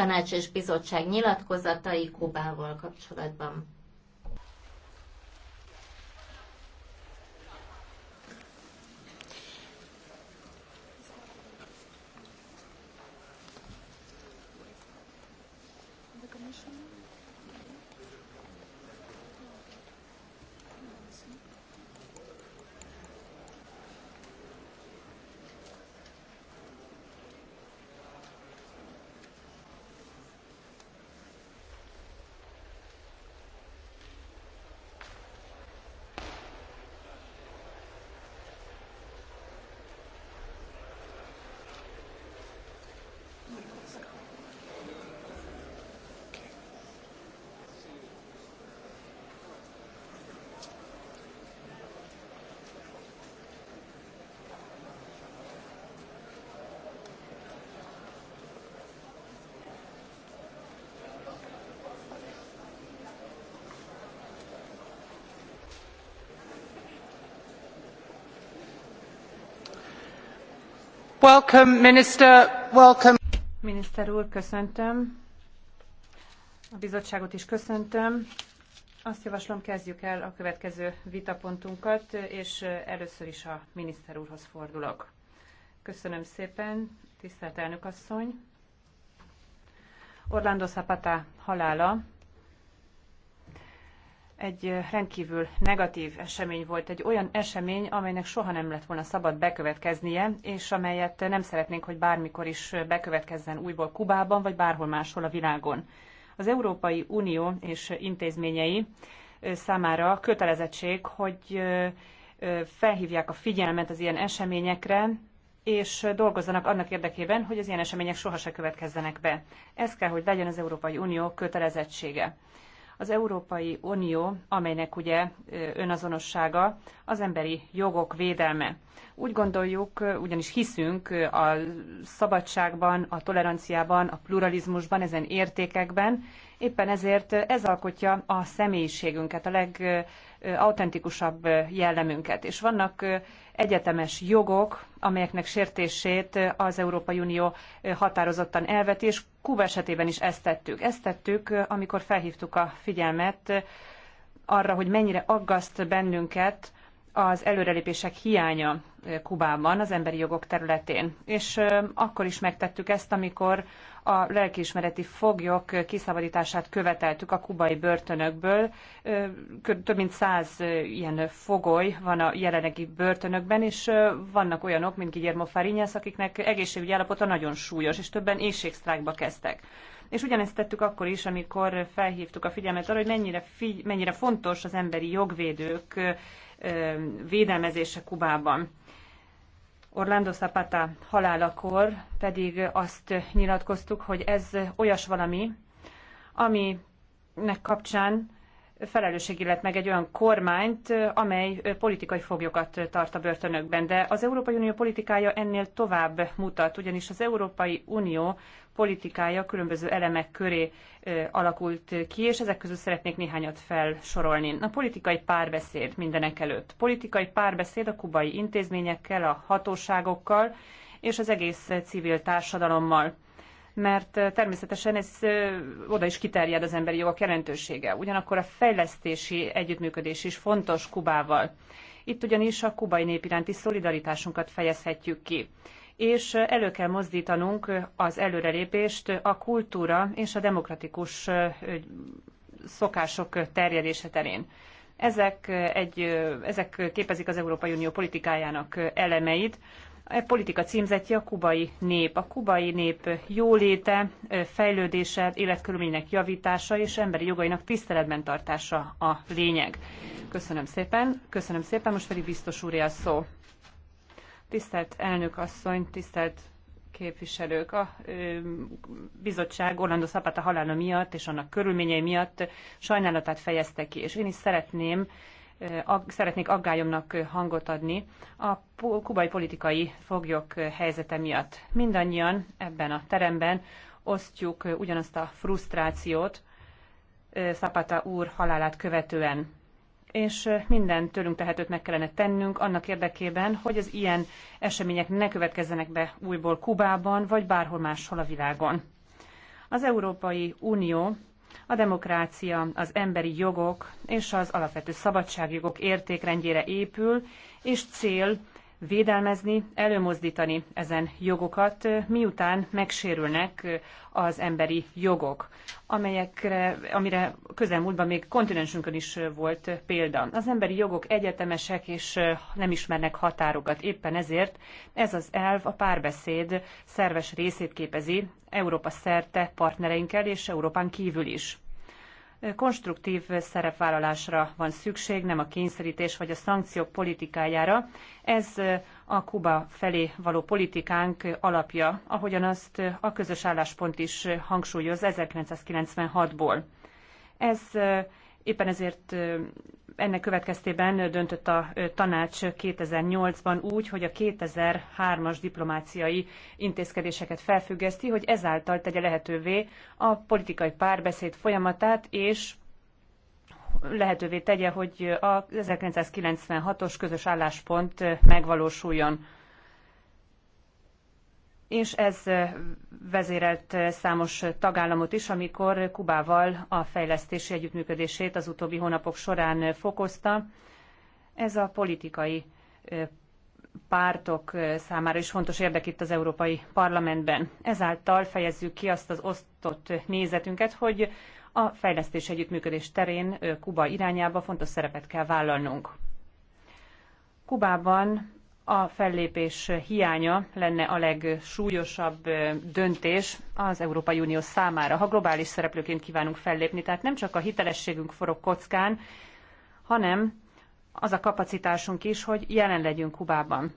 tanács és bizottság nyilatkozatai Kubával kapcsolatban. Miniszter úr, köszöntöm. A bizottságot is köszöntöm. Azt javaslom, kezdjük el a következő vitapontunkat, és először is a miniszter úrhoz fordulok. Köszönöm szépen, tisztelt elnök asszony. Orlando Zapata halála egy rendkívül negatív esemény volt, egy olyan esemény, amelynek soha nem lett volna szabad bekövetkeznie, és amelyet nem szeretnénk, hogy bármikor is bekövetkezzen újból Kubában, vagy bárhol máshol a világon. Az Európai Unió és intézményei számára kötelezettség, hogy felhívják a figyelmet az ilyen eseményekre, és dolgozzanak annak érdekében, hogy az ilyen események sohasem következzenek be. Ez kell, hogy legyen az Európai Unió kötelezettsége. Az Európai Unió, amelynek ugye önazonossága az emberi jogok védelme. Úgy gondoljuk, ugyanis hiszünk a szabadságban, a toleranciában, a pluralizmusban, ezen értékekben, éppen ezért ez alkotja a személyiségünket, a leg autentikusabb jellemünket. És vannak egyetemes jogok, amelyeknek sértését az Európai Unió határozottan elveti, és Kuba esetében is ezt tettük. Ezt tettük, amikor felhívtuk a figyelmet arra, hogy mennyire aggaszt bennünket az előrelépések hiánya Kubában az emberi jogok területén. És akkor is megtettük ezt, amikor a lelkiismereti foglyok kiszabadítását követeltük a kubai börtönökből. Több mint száz ilyen fogoly van a jelenlegi börtönökben, és vannak olyanok, mint Guillermo Farinyász, akiknek egészségügyi állapota nagyon súlyos, és többen éjségsztrákba kezdtek. És ugyanezt tettük akkor is, amikor felhívtuk a figyelmet arra, hogy mennyire, figy- mennyire fontos az emberi jogvédők védelmezése Kubában. Orlando Zapata halálakor pedig azt nyilatkoztuk, hogy ez olyas valami, aminek kapcsán felelősség illet meg egy olyan kormányt, amely politikai foglyokat tart a börtönökben. De az Európai Unió politikája ennél tovább mutat, ugyanis az Európai Unió politikája különböző elemek köré alakult ki, és ezek közül szeretnék néhányat felsorolni. A politikai párbeszéd mindenek előtt. Politikai párbeszéd a kubai intézményekkel, a hatóságokkal és az egész civil társadalommal mert természetesen ez oda is kiterjed az emberi jogok jelentősége. Ugyanakkor a fejlesztési együttműködés is fontos Kubával. Itt ugyanis a kubai nép iránti szolidaritásunkat fejezhetjük ki és elő kell mozdítanunk az előrelépést a kultúra és a demokratikus szokások terjedése terén. Ezek, egy, ezek képezik az Európai Unió politikájának elemeit. A politika címzetje a kubai nép. A kubai nép jóléte, fejlődése, életkörülménynek javítása és emberi jogainak tiszteletben tartása a lényeg. Köszönöm szépen. Köszönöm szépen, most pedig biztos úr szó. Tisztelt elnök asszony, tisztelt képviselők, a bizottság Orlando Zapata halála miatt és annak körülményei miatt sajnálatát fejezte ki, és én is szeretném szeretnék aggályomnak hangot adni a kubai politikai foglyok helyzete miatt. Mindannyian ebben a teremben osztjuk ugyanazt a frusztrációt Szapata úr halálát követően és minden tőlünk tehetőt meg kellene tennünk annak érdekében, hogy az ilyen események ne következzenek be újból Kubában, vagy bárhol máshol a világon. Az Európai Unió a demokrácia, az emberi jogok és az alapvető szabadságjogok értékrendjére épül, és cél védelmezni, előmozdítani ezen jogokat, miután megsérülnek az emberi jogok, amelyekre, amire közelmúltban még kontinensünkön is volt példa. Az emberi jogok egyetemesek és nem ismernek határokat. Éppen ezért ez az elv a párbeszéd szerves részét képezi Európa szerte partnereinkkel és Európán kívül is konstruktív szerepvállalásra van szükség, nem a kényszerítés vagy a szankciók politikájára. Ez a Kuba felé való politikánk alapja, ahogyan azt a közös álláspont is hangsúlyoz 1996-ból. Ez eh, éppen ezért eh, ennek következtében döntött a tanács 2008-ban úgy, hogy a 2003-as diplomáciai intézkedéseket felfüggeszti, hogy ezáltal tegye lehetővé a politikai párbeszéd folyamatát, és lehetővé tegye, hogy a 1996-os közös álláspont megvalósuljon és ez vezérelt számos tagállamot is, amikor Kubával a fejlesztési együttműködését az utóbbi hónapok során fokozta. Ez a politikai pártok számára is fontos érdek itt az Európai Parlamentben. Ezáltal fejezzük ki azt az osztott nézetünket, hogy a fejlesztés együttműködés terén Kuba irányába fontos szerepet kell vállalnunk. Kubában a fellépés hiánya lenne a legsúlyosabb döntés az Európai Unió számára, ha globális szereplőként kívánunk fellépni. Tehát nem csak a hitelességünk forog kockán, hanem az a kapacitásunk is, hogy jelen legyünk Kubában.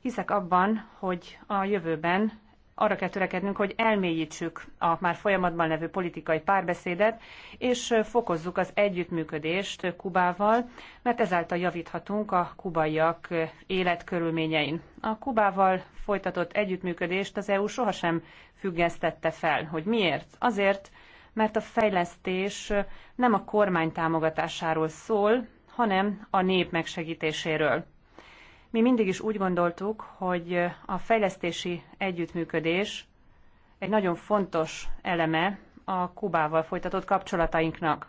Hiszek abban, hogy a jövőben arra kell törekednünk, hogy elmélyítsük a már folyamatban levő politikai párbeszédet, és fokozzuk az együttműködést Kubával, mert ezáltal javíthatunk a kubaiak életkörülményein. A Kubával folytatott együttműködést az EU sohasem függesztette fel. Hogy miért? Azért, mert a fejlesztés nem a kormány támogatásáról szól, hanem a nép megsegítéséről. Mi mindig is úgy gondoltuk, hogy a fejlesztési együttműködés egy nagyon fontos eleme a Kubával folytatott kapcsolatainknak.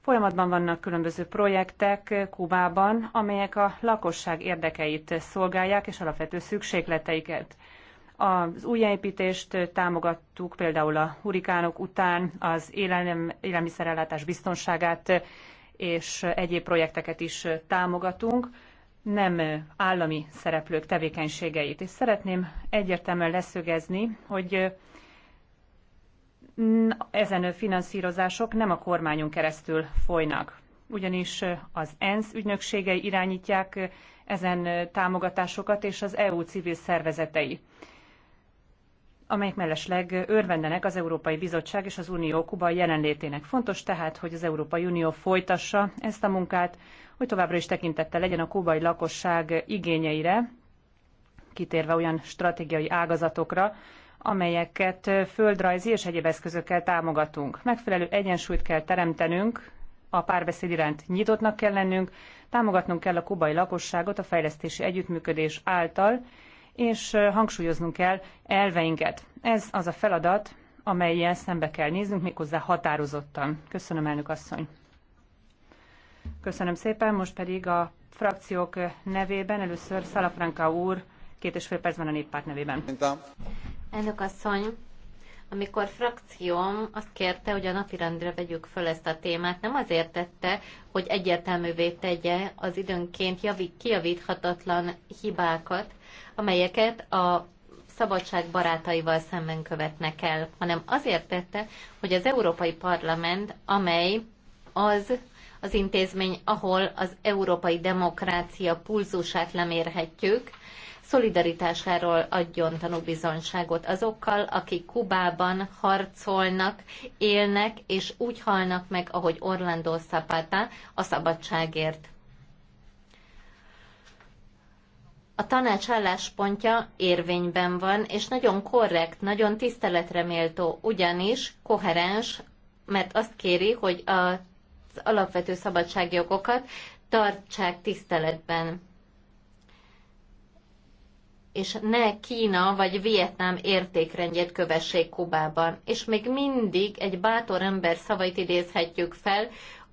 Folyamatban vannak különböző projektek Kubában, amelyek a lakosság érdekeit szolgálják és alapvető szükségleteiket. Az újjáépítést támogattuk például a hurikánok után, az élelem, élelmiszerellátás biztonságát és egyéb projekteket is támogatunk nem állami szereplők tevékenységeit. És szeretném egyértelműen leszögezni, hogy ezen finanszírozások nem a kormányon keresztül folynak. Ugyanis az ENSZ ügynökségei irányítják ezen támogatásokat és az EU civil szervezetei amelyek mellesleg örvendenek az Európai Bizottság és az Unió Kuba jelenlétének. Fontos tehát, hogy az Európai Unió folytassa ezt a munkát, hogy továbbra is tekintettel legyen a kubai lakosság igényeire, kitérve olyan stratégiai ágazatokra, amelyeket földrajzi és egyéb eszközökkel támogatunk. Megfelelő egyensúlyt kell teremtenünk, a párbeszéd iránt nyitottnak kell lennünk, támogatnunk kell a kubai lakosságot a fejlesztési együttműködés által, és hangsúlyoznunk kell elveinket. Ez az a feladat, amelyen szembe kell néznünk, méghozzá határozottan. Köszönöm, elnök asszony! Köszönöm szépen, most pedig a frakciók nevében először Szalafranka úr, két és fél percben a néppárt nevében. Elnök asszony, amikor frakcióm azt kérte, hogy a napirendre vegyük föl ezt a témát, nem azért tette, hogy egyértelművé tegye az időnként javít, kijavíthatatlan hibákat, amelyeket a szabadság barátaival szemben követnek el, hanem azért tette, hogy az Európai Parlament, amely az az intézmény, ahol az európai demokrácia pulzusát lemérhetjük, szolidaritásáról adjon tanúbizonyságot azokkal, akik Kubában harcolnak, élnek és úgy halnak meg, ahogy Orlando Zapata a szabadságért. A tanács álláspontja érvényben van, és nagyon korrekt, nagyon tiszteletreméltó, ugyanis koherens, mert azt kéri, hogy a alapvető szabadságjogokat tartsák tiszteletben. És ne Kína vagy Vietnám értékrendjét kövessék Kubában. És még mindig egy bátor ember szavait idézhetjük fel,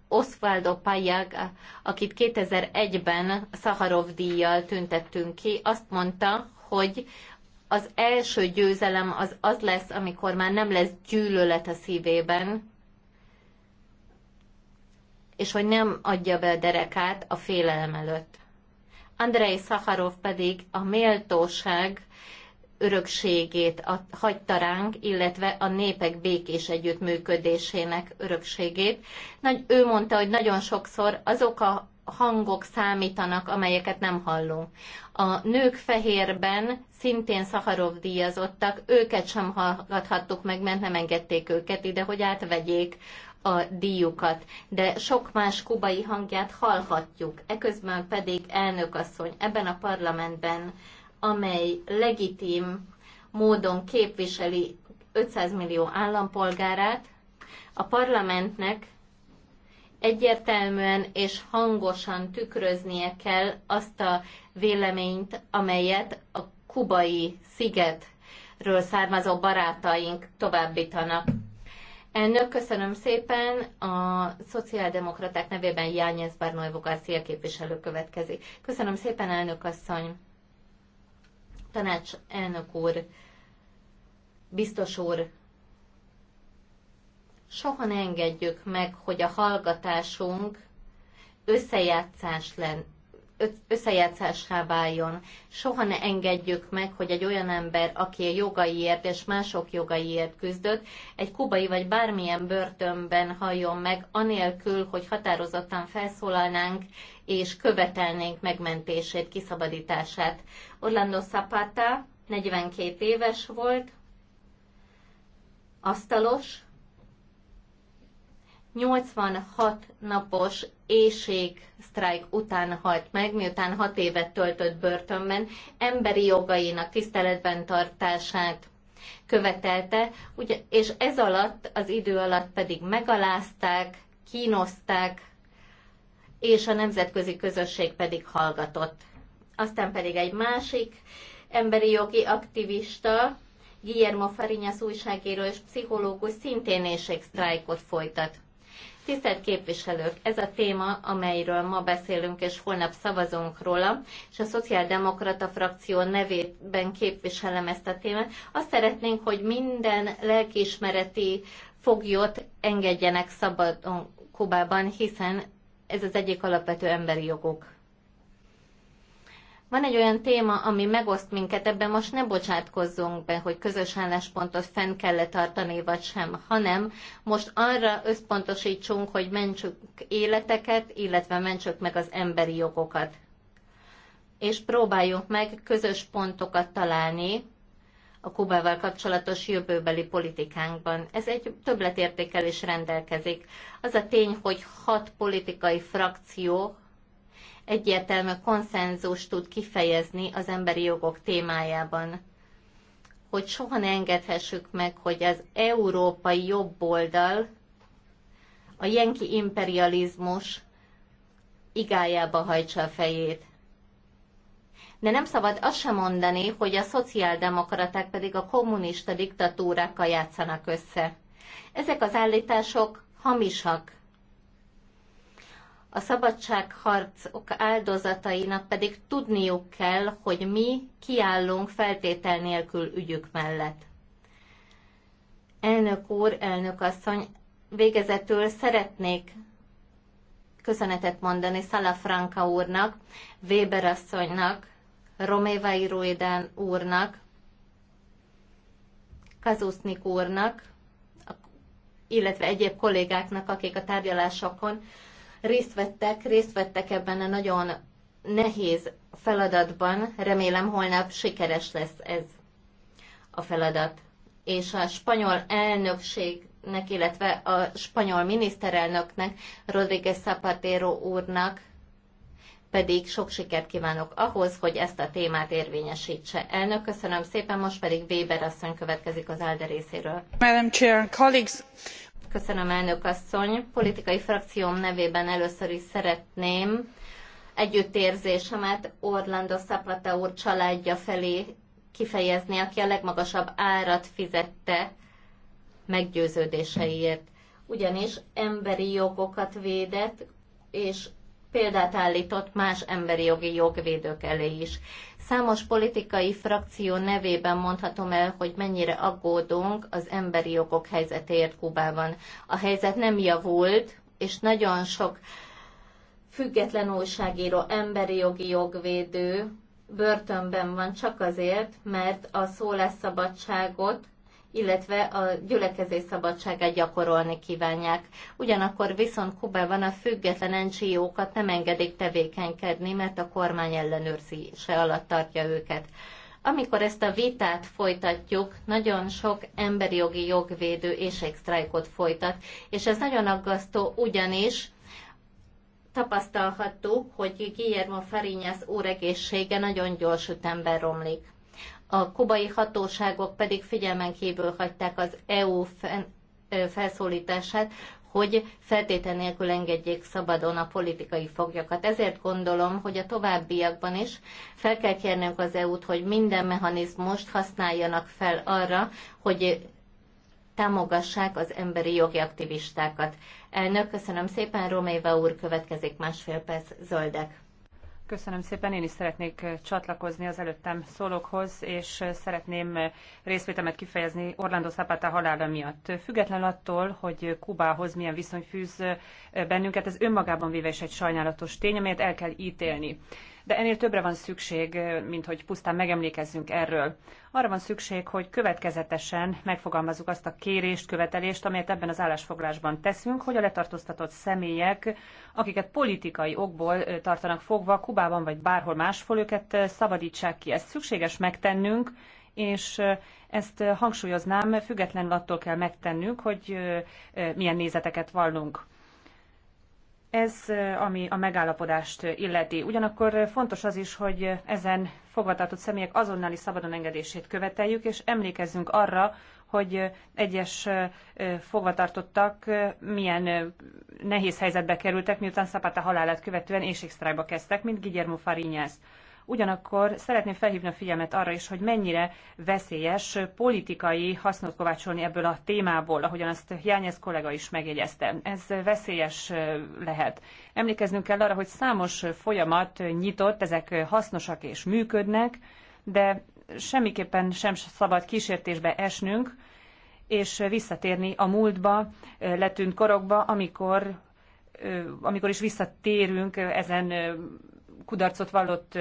Oswaldo Payag, akit 2001-ben Szaharov díjjal tüntettünk ki, azt mondta, hogy az első győzelem az az lesz, amikor már nem lesz gyűlölet a szívében, és hogy nem adja be a derekát a félelem előtt. Andrei Szaharov pedig a méltóság örökségét a hagyta ránk, illetve a népek békés együttműködésének örökségét. Nagy, ő mondta, hogy nagyon sokszor azok a hangok számítanak, amelyeket nem hallunk. A nők fehérben szintén Szaharov díjazottak, őket sem hallgathattuk meg, mert nem engedték őket ide, hogy átvegyék a díjukat, de sok más kubai hangját hallhatjuk. Eközben pedig elnökasszony ebben a parlamentben, amely legitim módon képviseli 500 millió állampolgárát, a parlamentnek egyértelműen és hangosan tükröznie kell azt a véleményt, amelyet a kubai szigetről származó barátaink továbbítanak. Elnök, köszönöm szépen. A szociáldemokraták nevében Jányez Barnolvo García képviselő következik. Köszönöm szépen, elnök asszony. Tanács elnök úr, biztos úr, soha ne engedjük meg, hogy a hallgatásunk összejátszás len, összejátszásá váljon. Soha ne engedjük meg, hogy egy olyan ember, aki a jogaiért és mások jogaiért küzdött, egy kubai vagy bármilyen börtönben halljon meg, anélkül, hogy határozottan felszólalnánk és követelnénk megmentését, kiszabadítását. Orlando Zapata 42 éves volt, asztalos, 86 napos éjség sztrájk után halt meg, miután hat évet töltött börtönben, emberi jogainak tiszteletben tartását követelte, ugye, és ez alatt, az idő alatt pedig megalázták, kínozták, és a nemzetközi közösség pedig hallgatott. Aztán pedig egy másik emberi jogi aktivista, Guillermo Farinas újságíró és pszichológus szintén sztrájkot folytat. Tisztelt képviselők, ez a téma, amelyről ma beszélünk, és holnap szavazunk róla, és a Szociáldemokrata frakció nevében képviselem ezt a témát. Azt szeretnénk, hogy minden lelkiismereti foglyot engedjenek szabadon Kubában, hiszen ez az egyik alapvető emberi jogok. Van egy olyan téma, ami megoszt minket, ebben most ne bocsátkozzunk be, hogy közös álláspontot fenn kell -e tartani, vagy sem, hanem most arra összpontosítsunk, hogy mentsük életeket, illetve mentsük meg az emberi jogokat. És próbáljuk meg közös pontokat találni, a Kubával kapcsolatos jövőbeli politikánkban. Ez egy többletértékkel is rendelkezik. Az a tény, hogy hat politikai frakció egyértelmű konszenzus tud kifejezni az emberi jogok témájában. Hogy soha ne engedhessük meg, hogy az európai jobboldal a jenki imperializmus igájába hajtsa a fejét. De nem szabad azt sem mondani, hogy a szociáldemokraták pedig a kommunista diktatúrákkal játszanak össze. Ezek az állítások hamisak a szabadságharc áldozatainak pedig tudniuk kell, hogy mi kiállunk feltétel nélkül ügyük mellett. Elnök úr, elnök asszony, végezetül szeretnék köszönetet mondani Franka úrnak, Weber asszonynak, Roméva Iruiden úrnak, Kazusznik úrnak, illetve egyéb kollégáknak, akik a tárgyalásokon részt vettek, részt vettek ebben a nagyon nehéz feladatban. Remélem holnap sikeres lesz ez a feladat. És a spanyol elnökségnek, illetve a spanyol miniszterelnöknek, Rodríguez Zapatero úrnak pedig sok sikert kívánok ahhoz, hogy ezt a témát érvényesítse. Elnök, köszönöm szépen, most pedig Weber asszony következik az ALDE részéről. Madam Chair, colleagues, Köszönöm, elnök asszony. Politikai frakcióm nevében először is szeretném együttérzésemet Orlando szaplata úr családja felé kifejezni, aki a legmagasabb árat fizette meggyőződéseiért. Ugyanis emberi jogokat védett, és példát állított más emberi jogi jogvédők elé is. Számos politikai frakció nevében mondhatom el, hogy mennyire aggódunk az emberi jogok helyzetéért Kubában. A helyzet nem javult, és nagyon sok független újságíró, emberi jogi jogvédő börtönben van csak azért, mert a szólásszabadságot illetve a gyülekezés szabadságát gyakorolni kívánják. Ugyanakkor viszont Kubában a független NGO-kat nem engedik tevékenykedni, mert a kormány ellenőrzése alatt tartja őket. Amikor ezt a vitát folytatjuk, nagyon sok emberi jogi jogvédő sztrájkot folytat, és ez nagyon aggasztó, ugyanis tapasztalhattuk, hogy Guillermo Farinyász úregészsége nagyon gyors ütemben romlik a kubai hatóságok pedig figyelmen kívül hagyták az EU felszólítását, hogy feltétel nélkül engedjék szabadon a politikai foglyokat. Ezért gondolom, hogy a továbbiakban is fel kell kérnünk az EU-t, hogy minden mechanizmust használjanak fel arra, hogy támogassák az emberi jogi aktivistákat. Elnök, köszönöm szépen, Roméva úr, következik másfél perc, zöldek. Köszönöm szépen, én is szeretnék csatlakozni az előttem szólókhoz, és szeretném részvétemet kifejezni Orlando Zapata halála miatt. Független attól, hogy Kubához milyen viszony fűz bennünket, ez önmagában véve is egy sajnálatos tény, amelyet el kell ítélni de ennél többre van szükség, mint hogy pusztán megemlékezzünk erről. Arra van szükség, hogy következetesen megfogalmazzuk azt a kérést, követelést, amelyet ebben az állásfoglásban teszünk, hogy a letartóztatott személyek, akiket politikai okból tartanak fogva Kubában vagy bárhol máshol, őket szabadítsák ki. Ezt szükséges megtennünk, és ezt hangsúlyoznám, függetlenül attól kell megtennünk, hogy milyen nézeteket vallunk. Ez, ami a megállapodást illeti. Ugyanakkor fontos az is, hogy ezen fogvatartott személyek azonnali szabadon engedését követeljük, és emlékezzünk arra, hogy egyes fogvatartottak milyen nehéz helyzetbe kerültek, miután Szapata halálát követően éjségsztrájba kezdtek, mint Guillermo Farinyász. Ugyanakkor szeretném felhívni a figyelmet arra is, hogy mennyire veszélyes politikai hasznot kovácsolni ebből a témából, ahogyan azt Jányez kollega is megjegyezte. Ez veszélyes lehet. Emlékeznünk kell arra, hogy számos folyamat nyitott, ezek hasznosak és működnek, de semmiképpen sem szabad kísértésbe esnünk, és visszatérni a múltba, letűnt korokba, amikor amikor is visszatérünk ezen kudarcot vallott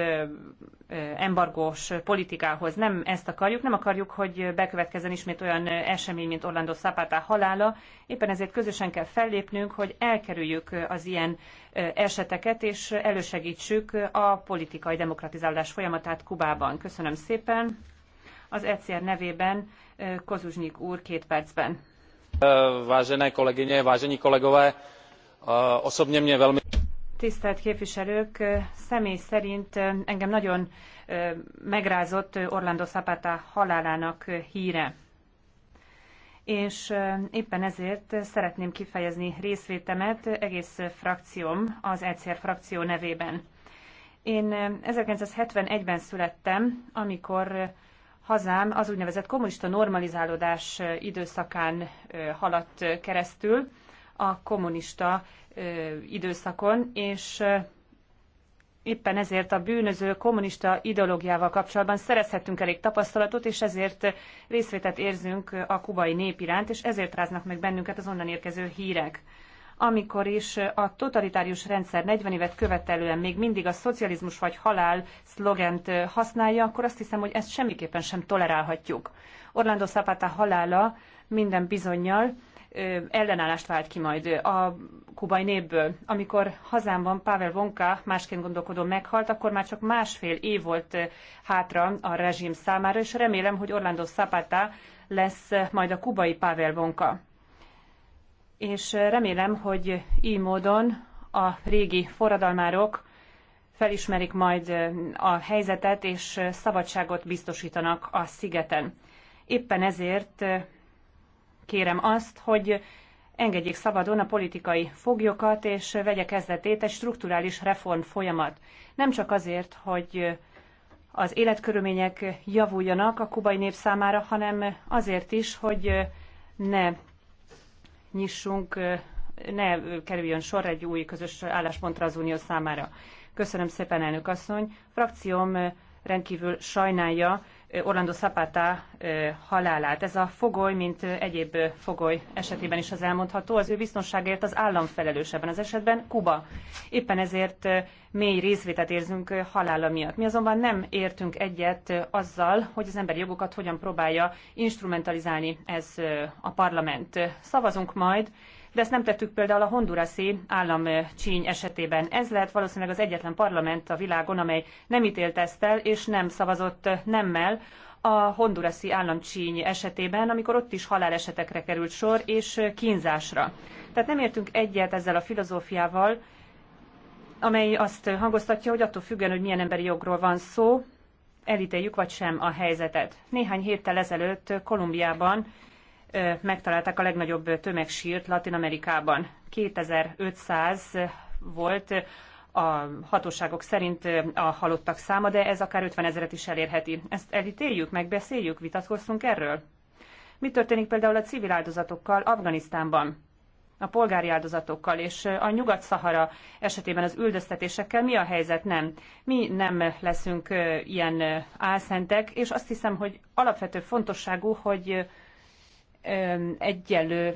embargós politikához. Nem ezt akarjuk, nem akarjuk, hogy bekövetkezzen ismét olyan esemény, mint Orlando Zapata halála. Éppen ezért közösen kell fellépnünk, hogy elkerüljük az ilyen eseteket, és elősegítsük a politikai demokratizálás folyamatát Kubában. Köszönöm szépen. Az ECR nevében Kozuznyik úr két percben. Vážené kolegyně, vážení kolegové, osobně mě velmi... Tisztelt képviselők, személy szerint engem nagyon megrázott Orlando Zapata halálának híre. És éppen ezért szeretném kifejezni részvétemet egész frakcióm, az ECR frakció nevében. Én 1971-ben születtem, amikor hazám az úgynevezett kommunista normalizálódás időszakán haladt keresztül, a kommunista időszakon, és éppen ezért a bűnöző kommunista ideológiával kapcsolatban szerezhetünk elég tapasztalatot, és ezért részvétet érzünk a kubai nép iránt, és ezért ráznak meg bennünket az onnan érkező hírek amikor is a totalitárius rendszer 40 évet követelően még mindig a szocializmus vagy halál szlogent használja, akkor azt hiszem, hogy ezt semmiképpen sem tolerálhatjuk. Orlando Zapata halála minden bizonyal ellenállást vált ki majd a kubai népből. Amikor hazámban Pavel Vonka másként gondolkodó meghalt, akkor már csak másfél év volt hátra a rezsim számára, és remélem, hogy Orlando Zapata lesz majd a kubai Pavel Vonka. És remélem, hogy így módon a régi forradalmárok felismerik majd a helyzetet, és szabadságot biztosítanak a szigeten. Éppen ezért kérem azt, hogy engedjék szabadon a politikai foglyokat, és vegye kezdetét egy strukturális reform folyamat. Nem csak azért, hogy az életkörülmények javuljanak a kubai nép számára, hanem azért is, hogy ne nyissunk, ne kerüljön sor egy új közös álláspontra az Unió számára. Köszönöm szépen, elnök asszony. Frakcióm rendkívül sajnálja, Orlando Zapata halálát. Ez a fogoly, mint egyéb fogoly esetében is az elmondható, az ő biztonságért az állam felelős ebben az esetben Kuba. Éppen ezért mély részvétet érzünk halála miatt. Mi azonban nem értünk egyet azzal, hogy az emberi jogokat hogyan próbálja instrumentalizálni ez a parlament. Szavazunk majd, de ezt nem tettük például a honduraszi államcsíny eh, esetében. Ez lehet valószínűleg az egyetlen parlament a világon, amely nem ítélt ezt el, és nem szavazott eh, nemmel a honduraszi államcsíny esetében, amikor ott is halálesetekre került sor, és eh, kínzásra. Tehát nem értünk egyet ezzel a filozófiával, amely azt hangoztatja, hogy attól függően, hogy milyen emberi jogról van szó, elítéljük vagy sem a helyzetet. Néhány héttel ezelőtt Kolumbiában megtalálták a legnagyobb tömegsírt Latin Amerikában. 2500 volt a hatóságok szerint a halottak száma, de ez akár 50 ezeret is elérheti. Ezt elítéljük, megbeszéljük, vitatkozzunk erről? Mi történik például a civil áldozatokkal Afganisztánban? a polgári áldozatokkal, és a Nyugat-Szahara esetében az üldöztetésekkel mi a helyzet? Nem. Mi nem leszünk ilyen álszentek, és azt hiszem, hogy alapvető fontosságú, hogy egyenlő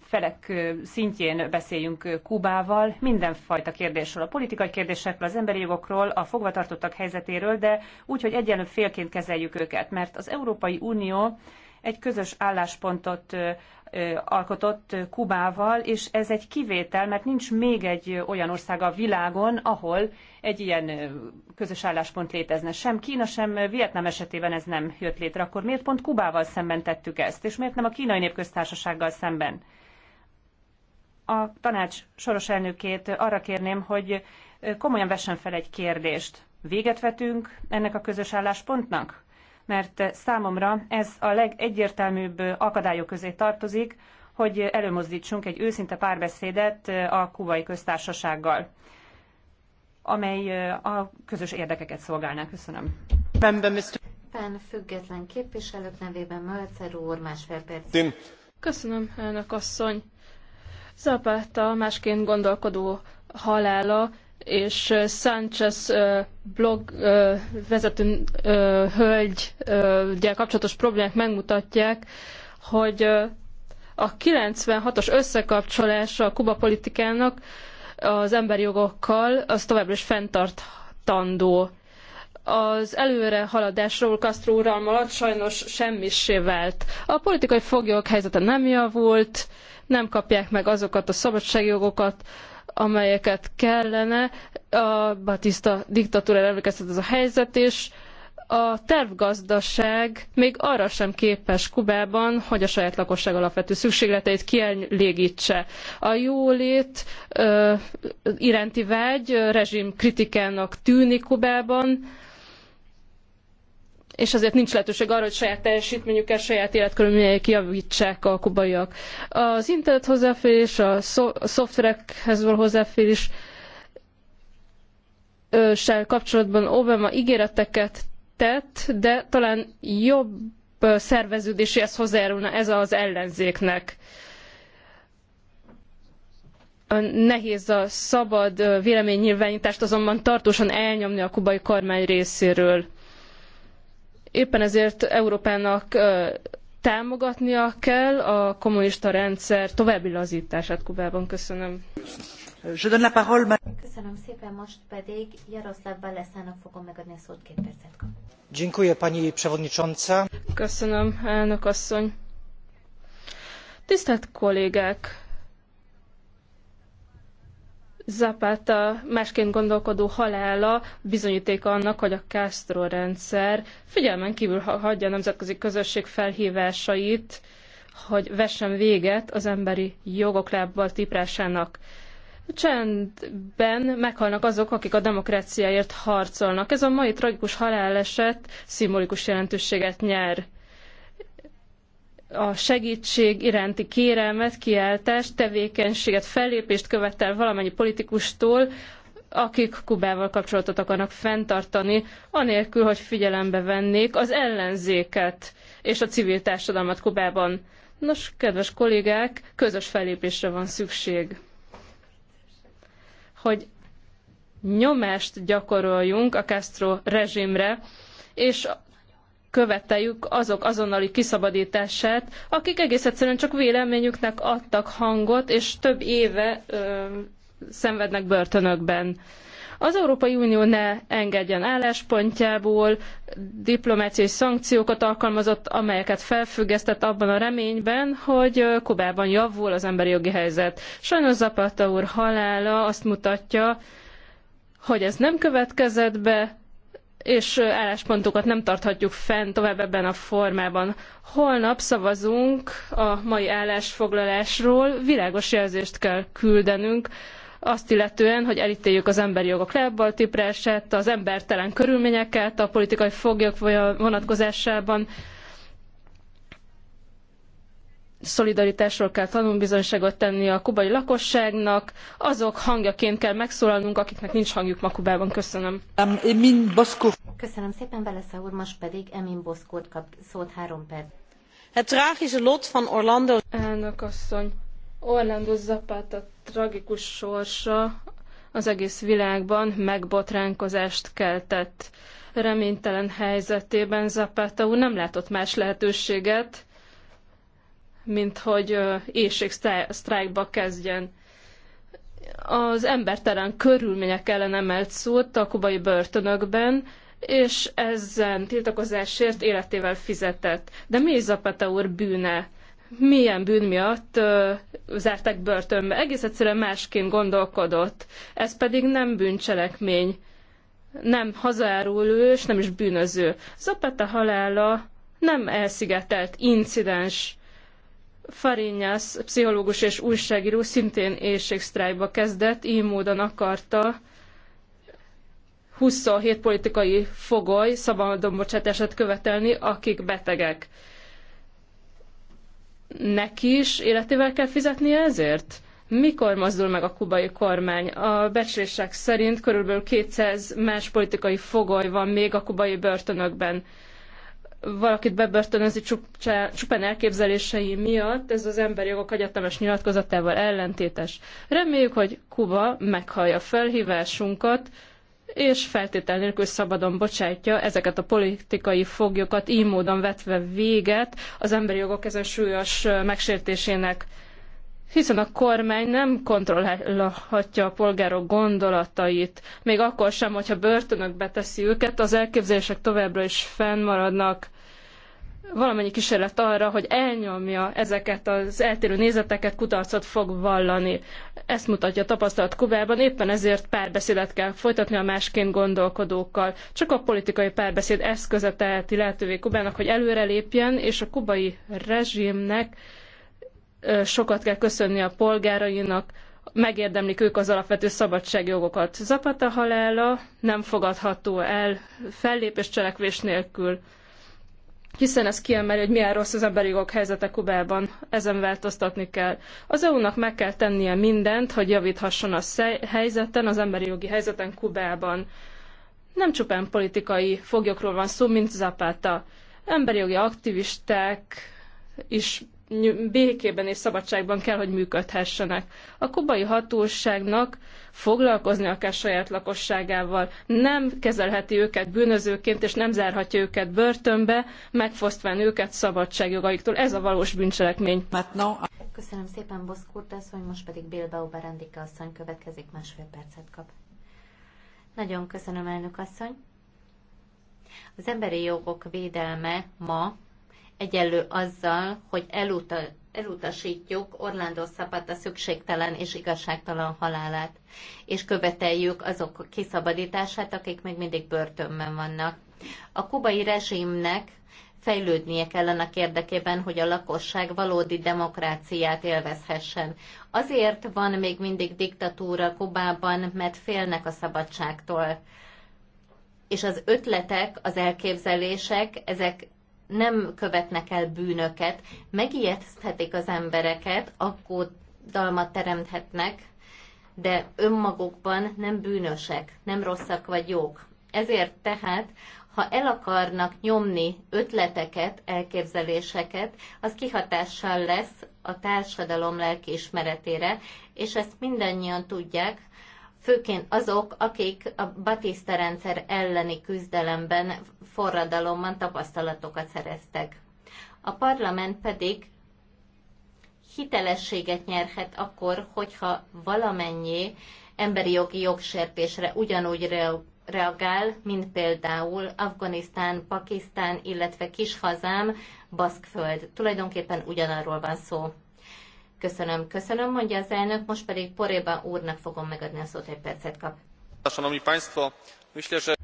felek szintjén beszéljünk Kubával, mindenfajta kérdésről, a politikai kérdésekről, az emberi jogokról, a fogvatartottak helyzetéről, de úgy, hogy egyenlő félként kezeljük őket, mert az Európai Unió egy közös álláspontot alkotott Kubával, és ez egy kivétel, mert nincs még egy olyan ország a világon, ahol egy ilyen közös álláspont létezne. Sem Kína, sem Vietnám esetében ez nem jött létre. Akkor miért pont Kubával szemben tettük ezt, és miért nem a kínai népköztársasággal szemben? A tanács soros elnökét arra kérném, hogy komolyan vessen fel egy kérdést. Véget vetünk ennek a közös álláspontnak? mert számomra ez a legegyértelműbb akadályok közé tartozik, hogy előmozdítsunk egy őszinte párbeszédet a kubai köztársasággal, amely a közös érdekeket szolgálná. Köszönöm. Ben független képviselők nevében Mölcer úr másfél perc. Köszönöm, elnök asszony. Zapata másként gondolkodó halála és Sánchez blog vezető hölgyel kapcsolatos problémák megmutatják, hogy a 96-os összekapcsolása a Kuba politikának az emberi jogokkal az továbbra is fenntartandó. Az előre haladásról Castro uralma alatt sajnos semmissé vált. A politikai foglyok helyzete nem javult, nem kapják meg azokat a szabadságjogokat, amelyeket kellene. A Batista diktatúrára emlékeztet ez a helyzet, és a tervgazdaság még arra sem képes Kubában, hogy a saját lakosság alapvető szükségleteit kielégítse. A jólét ö, iránti vágy rezsim kritikának tűnik Kubában, és azért nincs lehetőség arra, hogy saját teljesítményükkel, saját életkörülményeik javítsák a kubaiak. Az internet hozzáférés, a, szo- a szoftverekhez való hozzáférés kapcsolatban Obama ígéreteket tett, de talán jobb szerveződéséhez hozzájárulna ez az ellenzéknek nehéz a szabad véleménynyilvánítást azonban tartósan elnyomni a kubai kormány részéről. Éppen ezért Európának támogatnia kell a kommunista rendszer további lazítását Kubában. Köszönöm. Köszönöm szépen, most pedig Jaroszláv Baleszának fogom megadni a szót két percet Dziękuję pani przewodnicząca. Köszönöm, elnök asszony. Tisztelt kollégák! Zapata másként gondolkodó halála bizonyítéka annak, hogy a Castro rendszer figyelmen kívül hagyja a nemzetközi közösség felhívásait, hogy vessen véget az emberi jogok lábbal tiprásának. Csendben meghalnak azok, akik a demokráciáért harcolnak. Ez a mai tragikus haláleset szimbolikus jelentőséget nyer a segítség iránti kérelmet, kiáltást, tevékenységet, fellépést követel valamennyi politikustól, akik Kubával kapcsolatot akarnak fenntartani, anélkül, hogy figyelembe vennék az ellenzéket és a civil társadalmat Kubában. Nos, kedves kollégák, közös fellépésre van szükség. Hogy nyomást gyakoroljunk a Castro rezsimre, és követeljük azok azonnali kiszabadítását, akik egész egyszerűen csak véleményüknek adtak hangot, és több éve ö, szenvednek börtönökben. Az Európai Unió ne engedjen álláspontjából diplomáciai szankciókat alkalmazott, amelyeket felfüggesztett abban a reményben, hogy Kubában javul az emberi jogi helyzet. Sajnos Zapata úr halála azt mutatja, hogy ez nem következett be, és álláspontokat nem tarthatjuk fenn tovább ebben a formában. Holnap szavazunk a mai állásfoglalásról, világos jelzést kell küldenünk, azt illetően, hogy elítéljük az emberi jogok lábbal az embertelen körülményeket a politikai foglyok vonatkozásában, szolidaritásról kell tanulbizonyságot tenni a kubai lakosságnak, azok hangjaként kell megszólalnunk, akiknek nincs hangjuk ma Kubában. Köszönöm. Emin Boszkó. Köszönöm szépen, Velesza úr, most pedig Emin Boszkót kap szót három perc. Het tragische lot van Orlando... Elnök asszony, Orlando Zapata tragikus sorsa az egész világban megbotránkozást keltett. Reménytelen helyzetében Zapata úr nem látott más lehetőséget, mint hogy éjségsztrájkba kezdjen. Az embertelen körülmények ellen emelt szót a kubai börtönökben, és ezen tiltakozásért életével fizetett. De mi Zapata úr bűne? milyen bűn miatt ö, zárták börtönbe. Egész egyszerűen másként gondolkodott. Ez pedig nem bűncselekmény, nem hazaárulő és nem is bűnöző. Zapata halála nem elszigetelt incidens, Farinyász, pszichológus és újságíró szintén éjségsztrájkba kezdett, így módon akarta 27 politikai fogoly szabadonbocsátását követelni, akik betegek. Neki is életével kell fizetnie ezért? Mikor mozdul meg a kubai kormány? A becslések szerint körülbelül 200 más politikai fogoly van még a kubai börtönökben valakit bebörtönözni csupán elképzelései miatt, ez az emberi jogok egyetemes nyilatkozatával ellentétes. Reméljük, hogy Kuba meghallja felhívásunkat, és feltétel nélkül szabadon bocsátja ezeket a politikai foglyokat, így módon vetve véget az emberi jogok ezen súlyos megsértésének hiszen a kormány nem kontrollálhatja a polgárok gondolatait, még akkor sem, hogyha börtönökbe teszi őket, az elképzelések továbbra is fennmaradnak. Valamennyi kísérlet arra, hogy elnyomja ezeket az eltérő nézeteket, kutarcot fog vallani. Ezt mutatja a tapasztalat Kubában, éppen ezért párbeszédet kell folytatni a másként gondolkodókkal. Csak a politikai párbeszéd eszköze teheti lehetővé Kubának, hogy előrelépjen, és a kubai rezsimnek sokat kell köszönni a polgárainak, megérdemlik ők az alapvető szabadságjogokat. Zapata halála nem fogadható el fellépés cselekvés nélkül hiszen ez kiemeli, hogy milyen rossz az emberi jogok helyzete Kubában, ezen változtatni kell. Az EU-nak meg kell tennie mindent, hogy javíthasson a helyzeten, az emberi jogi helyzeten Kubában. Nem csupán politikai foglyokról van szó, mint Zapata. Emberi jogi aktivisták is békében és szabadságban kell, hogy működhessenek. A kubai hatóságnak foglalkoznia kell saját lakosságával. Nem kezelheti őket bűnözőként, és nem zárhatja őket börtönbe, megfosztván őket szabadságjogaiktól. Ez a valós bűncselekmény. Köszönöm szépen, Boszkurtász, hogy most pedig Bilbao Berendike asszony következik, másfél percet kap. Nagyon köszönöm, elnök asszony. Az emberi jogok védelme ma egyenlő azzal, hogy elutal, elutasítjuk Orlando Zapata szükségtelen és igazságtalan halálát, és követeljük azok kiszabadítását, akik még mindig börtönben vannak. A kubai rezsimnek fejlődnie kell annak érdekében, hogy a lakosság valódi demokráciát élvezhessen. Azért van még mindig diktatúra Kubában, mert félnek a szabadságtól. És az ötletek, az elképzelések, ezek nem követnek el bűnöket, megijeszthetik az embereket, aggódalmat teremthetnek, de önmagukban nem bűnösek, nem rosszak vagy jók. Ezért tehát, ha el akarnak nyomni ötleteket, elképzeléseket, az kihatással lesz a társadalom lelkiismeretére, és ezt mindannyian tudják, főként azok, akik a Batista rendszer elleni küzdelemben forradalomban tapasztalatokat szereztek. A parlament pedig hitelességet nyerhet akkor, hogyha valamennyi emberi jogi jogsértésre ugyanúgy reagál, mint például Afganisztán, Pakisztán, illetve kis hazám, Baszkföld. Tulajdonképpen ugyanarról van szó. Köszönöm, köszönöm, mondja az elnök, most pedig Poréba úrnak fogom megadni a szót, egy percet kap. Szanowni Państwo, myślę, że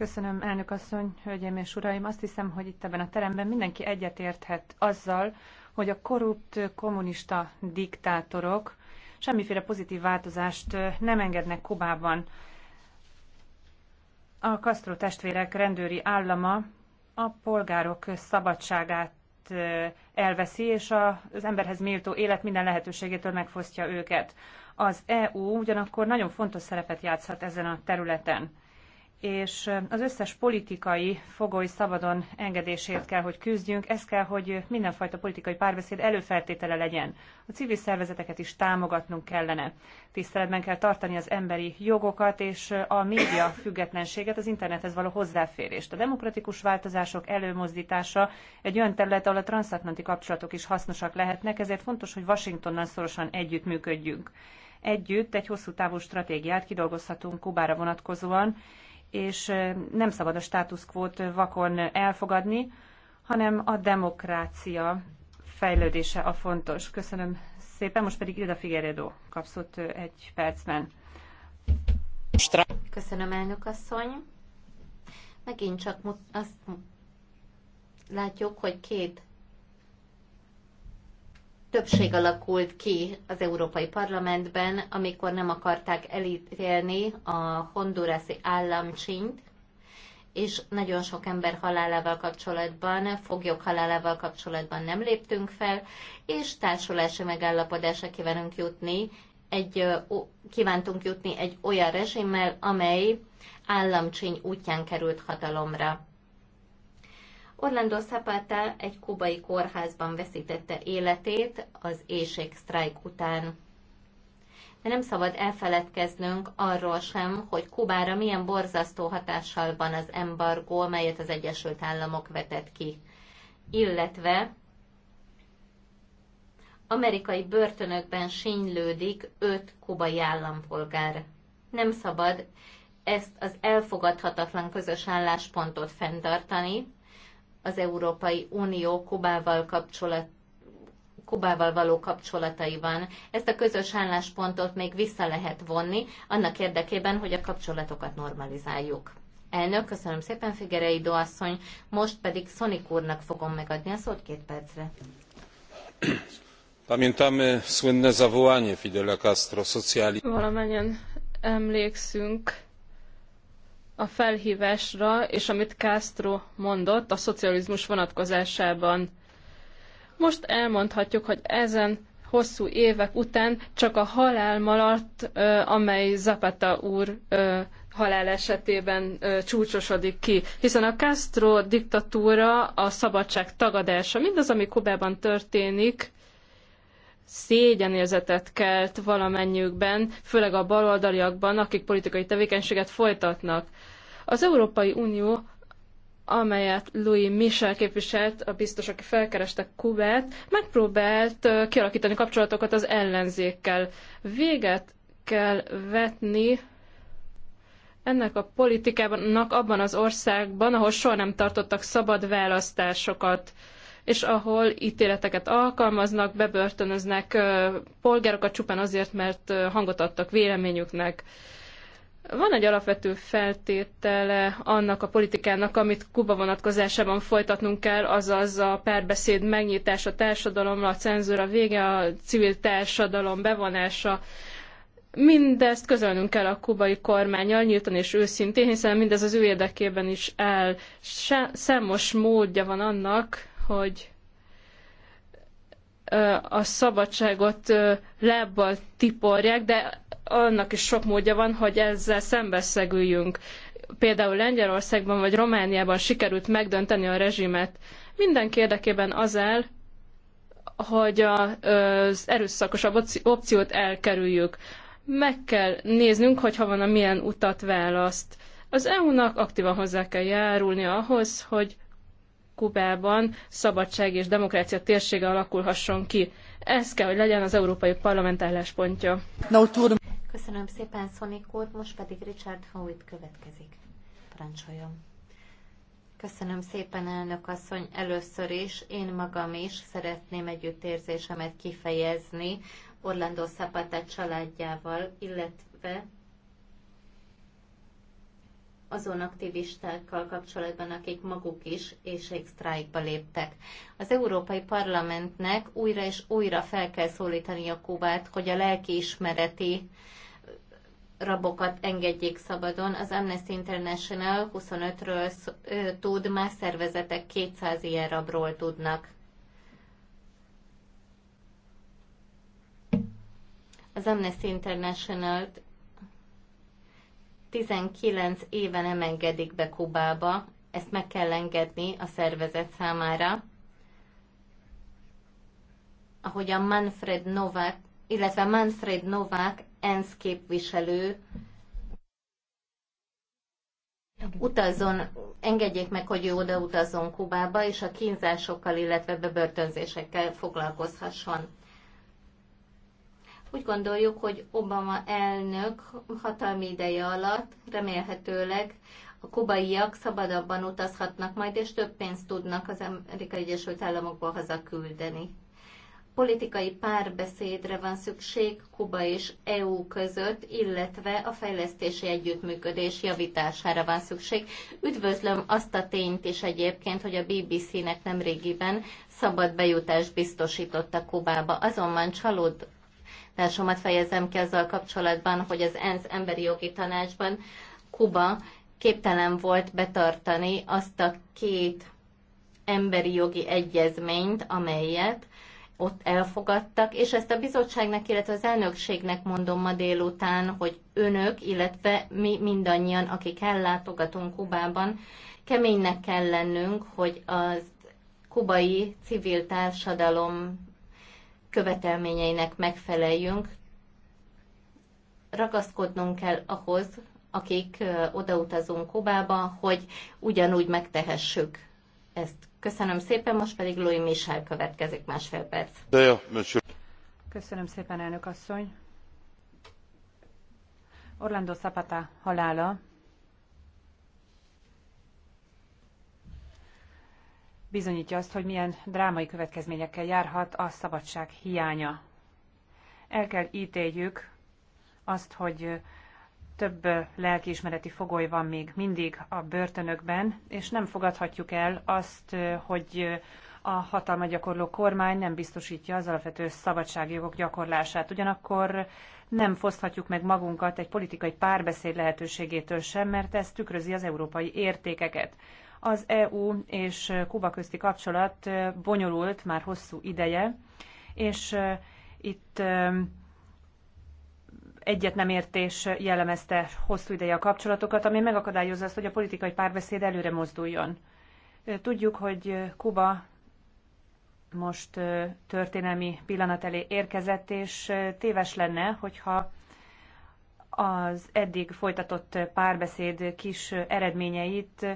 Köszönöm, elnök asszony, hölgyeim és uraim. Azt hiszem, hogy itt ebben a teremben mindenki egyetérthet azzal, hogy a korrupt kommunista diktátorok semmiféle pozitív változást nem engednek Kubában. A Castro testvérek rendőri állama a polgárok szabadságát elveszi, és az emberhez méltó élet minden lehetőségétől megfosztja őket. Az EU ugyanakkor nagyon fontos szerepet játszhat ezen a területen és az összes politikai fogoly szabadon engedésért kell, hogy küzdjünk. Ez kell, hogy mindenfajta politikai párbeszéd előfeltétele legyen. A civil szervezeteket is támogatnunk kellene. Tiszteletben kell tartani az emberi jogokat és a média függetlenséget, az internethez való hozzáférést. A demokratikus változások előmozdítása egy olyan terület, ahol a transatlanti kapcsolatok is hasznosak lehetnek, ezért fontos, hogy Washingtonnal szorosan együttműködjünk. Együtt egy hosszú távú stratégiát kidolgozhatunk Kubára vonatkozóan, és nem szabad a státuszkvót vakon elfogadni, hanem a demokrácia fejlődése a fontos. Köszönöm szépen, most pedig Ilda Figueredo kapszott egy percben. Köszönöm, elnök asszony. Megint csak azt látjuk, hogy két többség alakult ki az Európai Parlamentben, amikor nem akarták elítélni a hondurászi államcsint, és nagyon sok ember halálával kapcsolatban, foglyok halálával kapcsolatban nem léptünk fel, és társulási megállapodásra kívánunk jutni, egy, kívántunk jutni egy olyan rezsimmel, amely államcsíny útján került hatalomra. Orlando Zapata egy kubai kórházban veszítette életét az éjség sztrájk után. De nem szabad elfeledkeznünk arról sem, hogy Kubára milyen borzasztó hatással van az embargó, melyet az Egyesült Államok vetett ki. Illetve amerikai börtönökben sinylődik öt kubai állampolgár. Nem szabad ezt az elfogadhatatlan közös álláspontot fenntartani, az Európai Unió Kubával kapcsolat Kubával való kapcsolataiban. Ezt a közös álláspontot még vissza lehet vonni, annak érdekében, hogy a kapcsolatokat normalizáljuk. Elnök, köszönöm szépen, Figerei Doasszony, Most pedig Szonik úrnak fogom megadni a szót két percre. Pamiętamy słynne zawołanie Fidela Castro, socjalizm. Valamennyien emlékszünk a felhívásra, és amit Castro mondott a szocializmus vonatkozásában. Most elmondhatjuk, hogy ezen hosszú évek után csak a halál maradt, amely Zapata úr halál esetében csúcsosodik ki. Hiszen a Castro diktatúra a szabadság tagadása, mindaz, ami Kubában történik, szégyenérzetet kelt valamennyiükben, főleg a baloldaliakban, akik politikai tevékenységet folytatnak. Az Európai Unió amelyet Louis Michel képviselt, a biztos, aki felkereste Kubát, megpróbált kialakítani kapcsolatokat az ellenzékkel. Véget kell vetni ennek a politikának abban az országban, ahol soha nem tartottak szabad választásokat és ahol ítéleteket alkalmaznak, bebörtönöznek polgárokat csupán azért, mert hangot adtak véleményüknek. Van egy alapvető feltétele annak a politikának, amit Kuba vonatkozásában folytatnunk kell, azaz a párbeszéd megnyitása társadalomra, a cenzúra vége, a civil társadalom bevonása. Mindezt közölnünk kell a kubai kormányjal, nyíltan és őszintén, hiszen mindez az ő érdekében is áll. Számos módja van annak, hogy a szabadságot lábbal tiporják, de annak is sok módja van, hogy ezzel szembeszegüljünk. Például Lengyelországban vagy Romániában sikerült megdönteni a rezsimet. Mindenki érdekében az áll, hogy az erőszakosabb opciót elkerüljük. Meg kell néznünk, hogy ha van a milyen utat választ. Az EU-nak aktívan hozzá kell járulnia ahhoz, hogy Kubában szabadság és demokrácia térsége alakulhasson ki. Ez kell, hogy legyen az Európai Parlament álláspontja. Köszönöm szépen, Szonik úr, most pedig Richard Howitt következik. Parancsoljon. Köszönöm szépen, elnök asszony. Először is én magam is szeretném együttérzésemet kifejezni Orlando szapata családjával, illetve azon aktivistákkal kapcsolatban, akik maguk is és sztrájkba léptek. Az Európai Parlamentnek újra és újra fel kell szólítani a Kubát, hogy a lelkiismereti rabokat engedjék szabadon. Az Amnesty International 25-ről tud, más szervezetek 200 ilyen rabról tudnak. Az Amnesty international 19 éve nem engedik be Kubába, ezt meg kell engedni a szervezet számára. Ahogy a Manfred Novák, illetve Manfred Novák ENSZ képviselő utazzon, engedjék meg, hogy ő oda utazzon Kubába, és a kínzásokkal, illetve bebörtönzésekkel foglalkozhasson. Úgy gondoljuk, hogy Obama elnök hatalmi ideje alatt remélhetőleg a kubaiak szabadabban utazhatnak majd, és több pénzt tudnak az Amerikai Egyesült Államokból hazaküldeni. Politikai párbeszédre van szükség Kuba és EU között, illetve a fejlesztési együttműködés javítására van szükség. Üdvözlöm azt a tényt is egyébként, hogy a BBC-nek nemrégiben szabad bejutást biztosította Kubába. Azonban csalód, elsőmat fejezem ki azzal kapcsolatban, hogy az ENSZ emberi jogi tanácsban Kuba képtelen volt betartani azt a két emberi jogi egyezményt, amelyet ott elfogadtak, és ezt a bizottságnak, illetve az elnökségnek mondom ma délután, hogy önök, illetve mi mindannyian, akik ellátogatunk Kubában, keménynek kell lennünk, hogy az kubai civil társadalom követelményeinek megfeleljünk, ragaszkodnunk kell ahhoz, akik odautazunk Kubába, hogy ugyanúgy megtehessük ezt. Köszönöm szépen, most pedig Lói Michel következik másfél perc. Köszönöm szépen, elnök asszony. Orlando Zapata halála bizonyítja azt, hogy milyen drámai következményekkel járhat a szabadság hiánya. El kell ítéljük azt, hogy több lelkiismereti fogoly van még mindig a börtönökben, és nem fogadhatjuk el azt, hogy a hatalma gyakorló kormány nem biztosítja az alapvető szabadságjogok gyakorlását. Ugyanakkor nem foszthatjuk meg magunkat egy politikai párbeszéd lehetőségétől sem, mert ez tükrözi az európai értékeket. Az EU és Kuba közti kapcsolat bonyolult már hosszú ideje, és itt egyet nem értés jellemezte hosszú ideje a kapcsolatokat, ami megakadályozza azt, hogy a politikai párbeszéd előre mozduljon. Tudjuk, hogy Kuba most történelmi pillanat elé érkezett, és téves lenne, hogyha az eddig folytatott párbeszéd kis eredményeit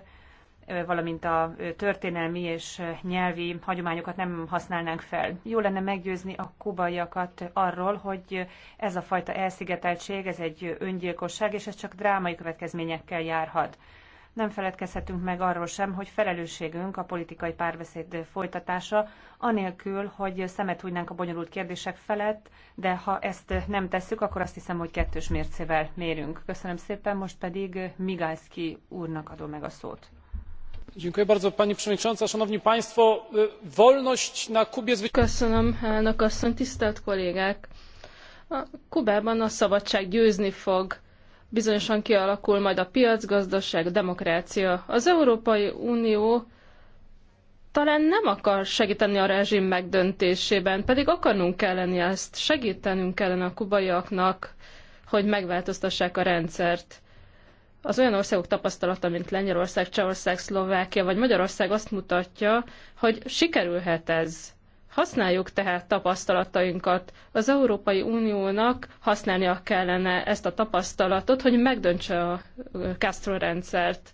valamint a történelmi és nyelvi hagyományokat nem használnánk fel. Jó lenne meggyőzni a kubaiakat arról, hogy ez a fajta elszigeteltség, ez egy öngyilkosság, és ez csak drámai következményekkel járhat. Nem feledkezhetünk meg arról sem, hogy felelősségünk a politikai párbeszéd folytatása, anélkül, hogy szemet hújnánk a bonyolult kérdések felett, de ha ezt nem tesszük, akkor azt hiszem, hogy kettős mércével mérünk. Köszönöm szépen, most pedig Migalski úrnak adom meg a szót pani przewodnicząca! szanowni państwo! wolność na kubie. köszönöm elnök asszony tisztelt kollégák! kubában a szabadság győzni fog bizonyosan kialakul majd a piacgazdaság a demokrácia. az európai unió talán nem akar segíteni a rezsim megdöntésében pedig akarnunk kellene ezt segítenünk kellene a kubaiaknak hogy megváltoztassák a rendszert. Az olyan országok tapasztalata, mint Lengyelország, Csehország, Szlovákia vagy Magyarország azt mutatja, hogy sikerülhet ez. Használjuk tehát tapasztalatainkat. Az Európai Uniónak használnia kellene ezt a tapasztalatot, hogy megdöntse a Castro rendszert.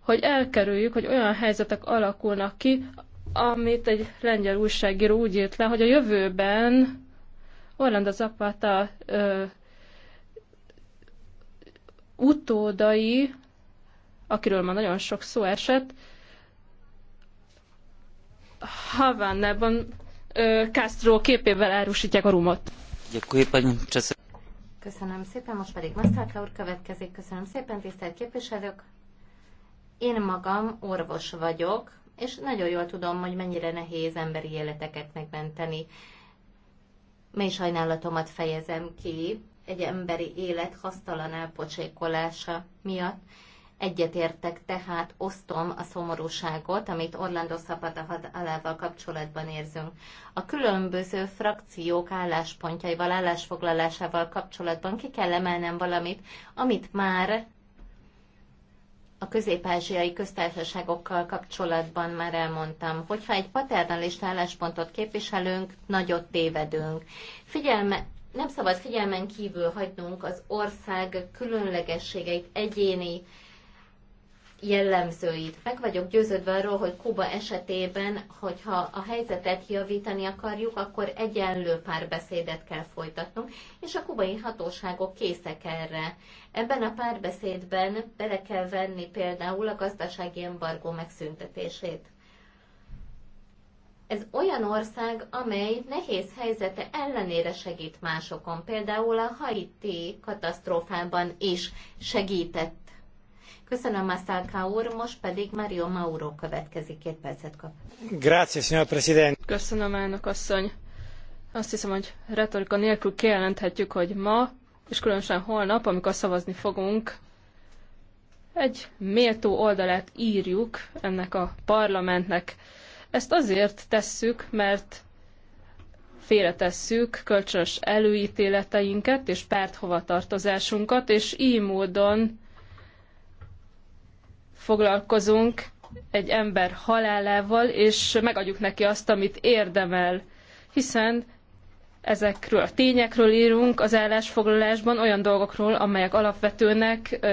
Hogy elkerüljük, hogy olyan helyzetek alakulnak ki, amit egy lengyel újságíró úgy írt le, hogy a jövőben Orlando Zapata ö, utódai, akiről már nagyon sok szó esett, Havánában Castro képével árusítják a rumot. Köszönöm szépen, most pedig Masztáka úr következik. Köszönöm szépen, tisztelt képviselők. Én magam orvos vagyok, és nagyon jól tudom, hogy mennyire nehéz emberi életeket megmenteni. Mély sajnálatomat fejezem ki egy emberi élet hasztalan elpocsékolása miatt. Egyetértek, tehát osztom a szomorúságot, amit Orlando Szapata alával kapcsolatban érzünk. A különböző frakciók álláspontjaival, állásfoglalásával kapcsolatban ki kell emelnem valamit, amit már a közép-ázsiai köztársaságokkal kapcsolatban már elmondtam, hogyha egy paternalista álláspontot képviselünk, nagyot tévedünk. Figyelme, nem szabad figyelmen kívül hagynunk az ország különlegességeit, egyéni jellemzőit. Meg vagyok győződve arról, hogy Kuba esetében, hogyha a helyzetet javítani akarjuk, akkor egyenlő párbeszédet kell folytatnunk, és a kubai hatóságok készek erre. Ebben a párbeszédben bele kell venni például a gazdasági embargó megszüntetését ez olyan ország, amely nehéz helyzete ellenére segít másokon. Például a Haiti katasztrófában is segített. Köszönöm, Masztalka úr, most pedig Mario Mauro következik, két percet kap. Grazie, signor Presidente. Köszönöm, elnök asszony. Azt hiszem, hogy retorika nélkül kijelenthetjük, hogy ma, és különösen holnap, amikor szavazni fogunk, egy méltó oldalát írjuk ennek a parlamentnek. Ezt azért tesszük, mert félretesszük kölcsönös előítéleteinket és párthovatartozásunkat, és így módon foglalkozunk egy ember halálával, és megadjuk neki azt, amit érdemel, hiszen ezekről a tényekről írunk az állásfoglalásban, olyan dolgokról, amelyek alapvetőnek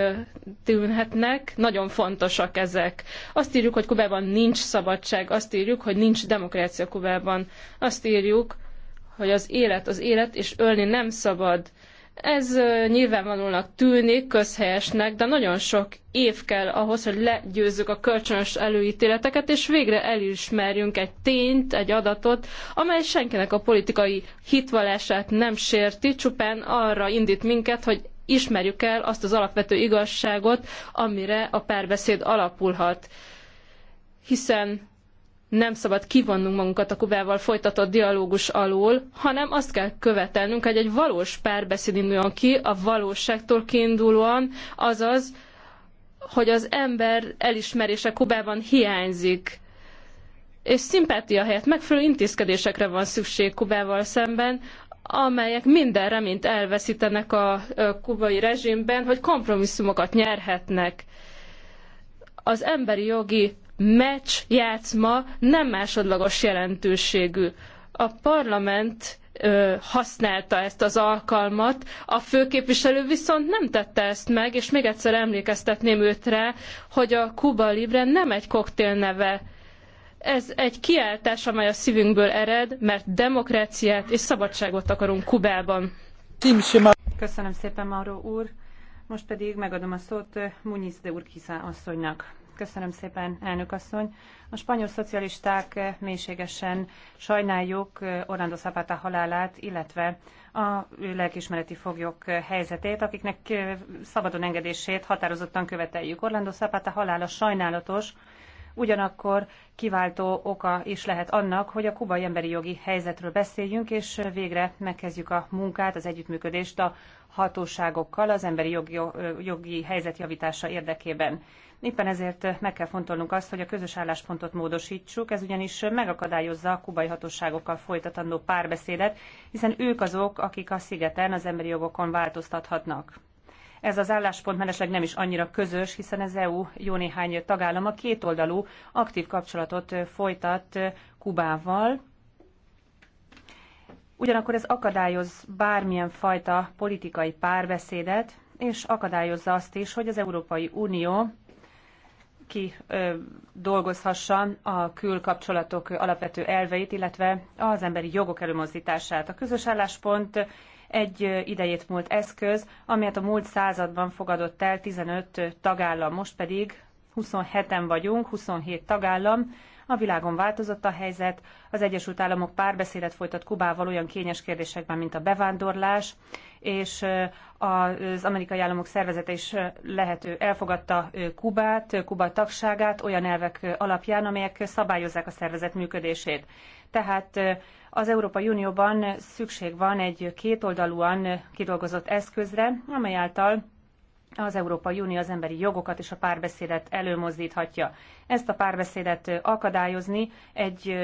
tűnhetnek, nagyon fontosak ezek. Azt írjuk, hogy Kubában nincs szabadság, azt írjuk, hogy nincs demokrácia Kubában, azt írjuk, hogy az élet az élet, és ölni nem szabad. Ez nyilvánvalónak tűnik, közhelyesnek, de nagyon sok év kell ahhoz, hogy legyőzzük a kölcsönös előítéleteket, és végre elismerjünk egy tényt, egy adatot, amely senkinek a politikai hitvallását nem sérti, csupán arra indít minket, hogy ismerjük el azt az alapvető igazságot, amire a párbeszéd alapulhat. Hiszen nem szabad kivonnunk magunkat a Kubával folytatott dialógus alól, hanem azt kell követelnünk, hogy egy valós párbeszéd induljon ki, a valóságtól kiindulóan, azaz, hogy az ember elismerése Kubában hiányzik. És szimpátia helyett megfelelő intézkedésekre van szükség Kubával szemben, amelyek minden reményt elveszítenek a kubai rezsimben, hogy kompromisszumokat nyerhetnek. Az emberi jogi meccs, játszma nem másodlagos jelentőségű. A parlament használta ezt az alkalmat, a főképviselő viszont nem tette ezt meg, és még egyszer emlékeztetném őt rá, hogy a Cuba Libre nem egy koktél neve. Ez egy kiáltás, amely a szívünkből ered, mert demokráciát és szabadságot akarunk Kubában. Köszönöm szépen, Mauro úr. Most pedig megadom a szót Muniz de Urkiza asszonynak. Köszönöm szépen, elnök asszony. A spanyol szocialisták mélységesen sajnáljuk eh, Orlando Zapata halálát, illetve a lelkismereti foglyok helyzetét, akiknek eh, szabadon engedését határozottan követeljük. Orlando Zapata halála sajnálatos, ugyanakkor kiváltó oka is lehet annak, hogy a kubai emberi jogi helyzetről beszéljünk, és végre megkezdjük a munkát, az együttműködést a hatóságokkal az emberi jogi, eh, jogi helyzet javítása érdekében. Éppen ezért meg kell fontolnunk azt, hogy a közös álláspontot módosítsuk, ez ugyanis megakadályozza a kubai hatóságokkal folytatandó párbeszédet, hiszen ők azok, akik a szigeten az emberi jogokon változtathatnak. Ez az álláspont mellesleg nem is annyira közös, hiszen az EU jó néhány tagállama kétoldalú aktív kapcsolatot folytat Kubával, Ugyanakkor ez akadályoz bármilyen fajta politikai párbeszédet, és akadályozza azt is, hogy az Európai Unió ki dolgozhassa a külkapcsolatok alapvető elveit, illetve az emberi jogok előmozdítását. A közös álláspont egy idejét múlt eszköz, amelyet a múlt században fogadott el 15 tagállam, most pedig 27-en vagyunk, 27 tagállam, a világon változott a helyzet, az Egyesült Államok párbeszédet folytat Kubával olyan kényes kérdésekben, mint a bevándorlás, és az amerikai államok szervezete is lehető, elfogadta Kubát, Kuba tagságát olyan elvek alapján, amelyek szabályozzák a szervezet működését. Tehát az Európai Unióban szükség van egy kétoldalúan kidolgozott eszközre, amely által az Európai Unió az emberi jogokat és a párbeszédet előmozdíthatja. Ezt a párbeszédet akadályozni egy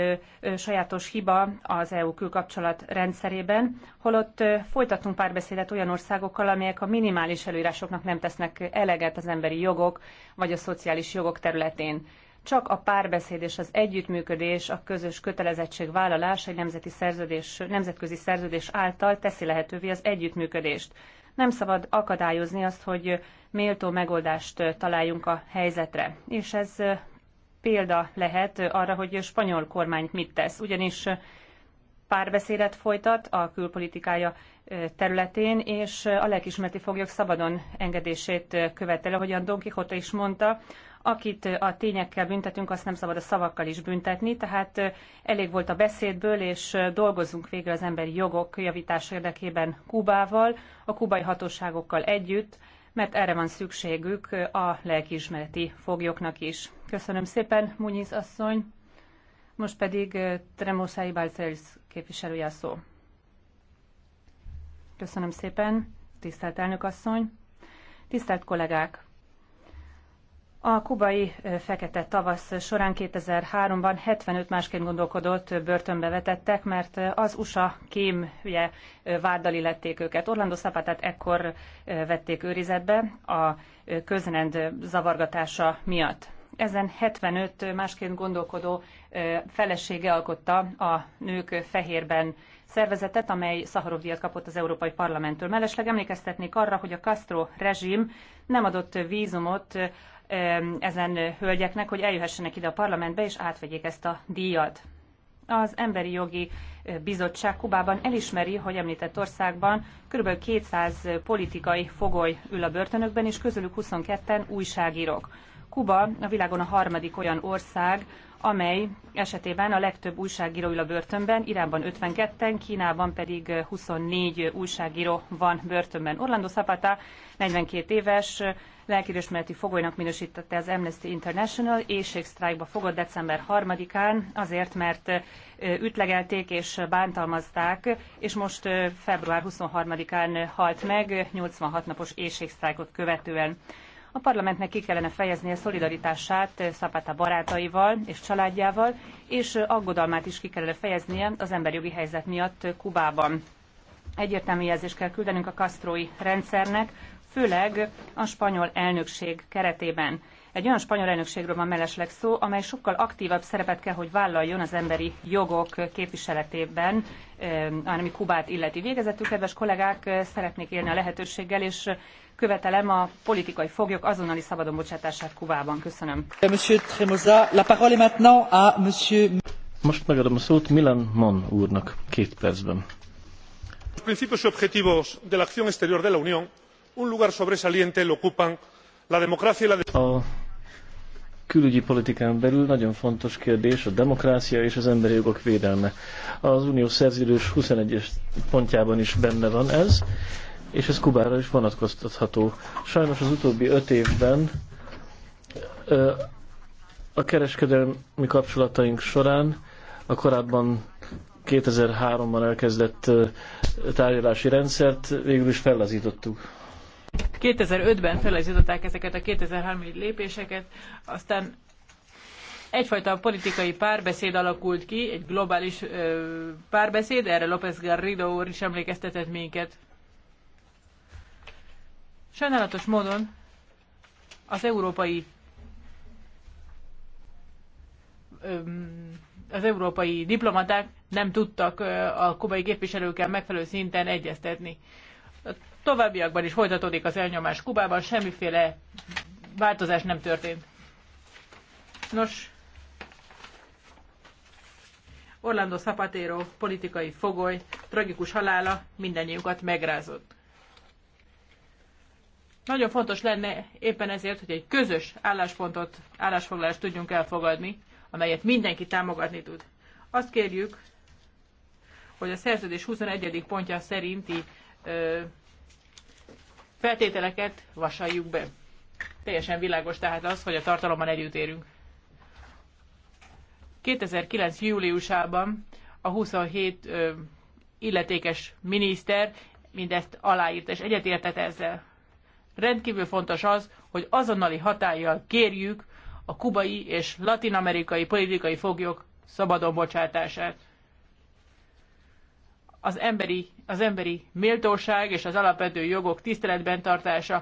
sajátos hiba az EU külkapcsolat rendszerében, holott folytatunk párbeszédet olyan országokkal, amelyek a minimális előírásoknak nem tesznek eleget az emberi jogok vagy a szociális jogok területén. Csak a párbeszéd és az együttműködés, a közös kötelezettségvállalás egy nemzeti szerződés, nemzetközi szerződés által teszi lehetővé az együttműködést nem szabad akadályozni azt, hogy méltó megoldást találjunk a helyzetre. És ez példa lehet arra, hogy a spanyol kormány mit tesz. Ugyanis párbeszédet folytat a külpolitikája területén, és a lelkismereti foglyok szabadon engedését követeli, ahogyan Don Quixote is mondta, akit a tényekkel büntetünk, azt nem szabad a szavakkal is büntetni, tehát elég volt a beszédből, és dolgozunk végre az emberi jogok javítás érdekében Kubával, a kubai hatóságokkal együtt, mert erre van szükségük a lelkiismereti foglyoknak is. Köszönöm szépen, Munyiz asszony. Most pedig Tremosai Balcelis képviselője a szó. Köszönöm szépen, tisztelt elnök asszony. Tisztelt kollégák! A kubai fekete tavasz során 2003-ban 75 másként gondolkodott börtönbe vetettek, mert az USA kémje váddal illették őket. Orlando Szapátát ekkor vették őrizetbe a közrend zavargatása miatt. Ezen 75 másként gondolkodó felesége alkotta a nők fehérben szervezetet, amely Szaharov díjat kapott az Európai Parlamenttől. Mellesleg emlékeztetnék arra, hogy a Castro rezsim nem adott vízumot ezen hölgyeknek, hogy eljöhessenek ide a parlamentbe, és átvegyék ezt a díjat. Az Emberi Jogi eh, Bizottság Kubában elismeri, hogy említett országban kb. 200 politikai fogoly ül a börtönökben, és közülük 22-en újságírók. Kuba a világon a harmadik olyan ország, amely esetében a legtöbb újságíró ül a börtönben, Iránban 52-en, Kínában pedig 24 eh, újságíró van börtönben. Orlando Zapata 42 éves, eh, lelkirismereti fogolynak minősítette az Amnesty International, éjségsztrájkba fogott december 3-án, azért, mert eh, ütlegelték és bántalmazták, és most február 23-án halt meg, 86 napos éjségsztrájkot követően. A parlamentnek ki kellene fejeznie szolidaritását Szapata barátaival és családjával, és aggodalmát is ki kellene fejeznie az emberjogi helyzet miatt Kubában. Egyértelmű jelzést kell küldenünk a kasztrói rendszernek, főleg a spanyol elnökség keretében. Egy olyan spanyol elnökségről van mellesleg szó, amely sokkal aktívabb szerepet kell, hogy vállaljon az emberi jogok képviseletében, eh, ami Kubát illeti. Végezetül, kedves kollégák, eh, szeretnék élni a lehetőséggel, és eh, követelem a politikai foglyok azonnali szabadon bocsátását Kubában. Köszönöm. Most megadom a szót Milan Mon úrnak két percben. Los principios y objetivos de la acción exterior de la Unión un lugar sobresaliente lo ocupan la democracia y la. A külügyi politikán belül nagyon fontos kérdés a demokrácia és az emberi jogok védelme. Az unió szerződés 21-es pontjában is benne van ez, és ez Kubára is vonatkoztatható. Sajnos az utóbbi öt évben a kereskedelmi kapcsolataink során a korábban 2003-ban elkezdett tárgyalási rendszert végül is fellazítottuk. 2005-ben felajzították ezeket a 2003-i lépéseket, aztán egyfajta politikai párbeszéd alakult ki, egy globális ö, párbeszéd, erre López Garrido úr is emlékeztetett minket. Sajnálatos módon az európai az európai diplomaták nem tudtak a kubai képviselőkkel megfelelő szinten egyeztetni továbbiakban is folytatódik az elnyomás Kubában, semmiféle változás nem történt. Nos, Orlando Zapatero politikai fogoly tragikus halála mindannyiukat megrázott. Nagyon fontos lenne éppen ezért, hogy egy közös álláspontot, állásfoglalást tudjunk elfogadni, amelyet mindenki támogatni tud. Azt kérjük, hogy a szerződés 21. pontja szerinti ö, feltételeket vasaljuk be. Teljesen világos tehát az, hogy a tartalommal érünk. 2009. júliusában a 27 ö, illetékes miniszter mindezt aláírt és egyetértett ezzel. Rendkívül fontos az, hogy azonnali hatállyal kérjük a kubai és latinamerikai politikai foglyok szabadon bocsátását az emberi, az emberi méltóság és az alapvető jogok tiszteletben tartása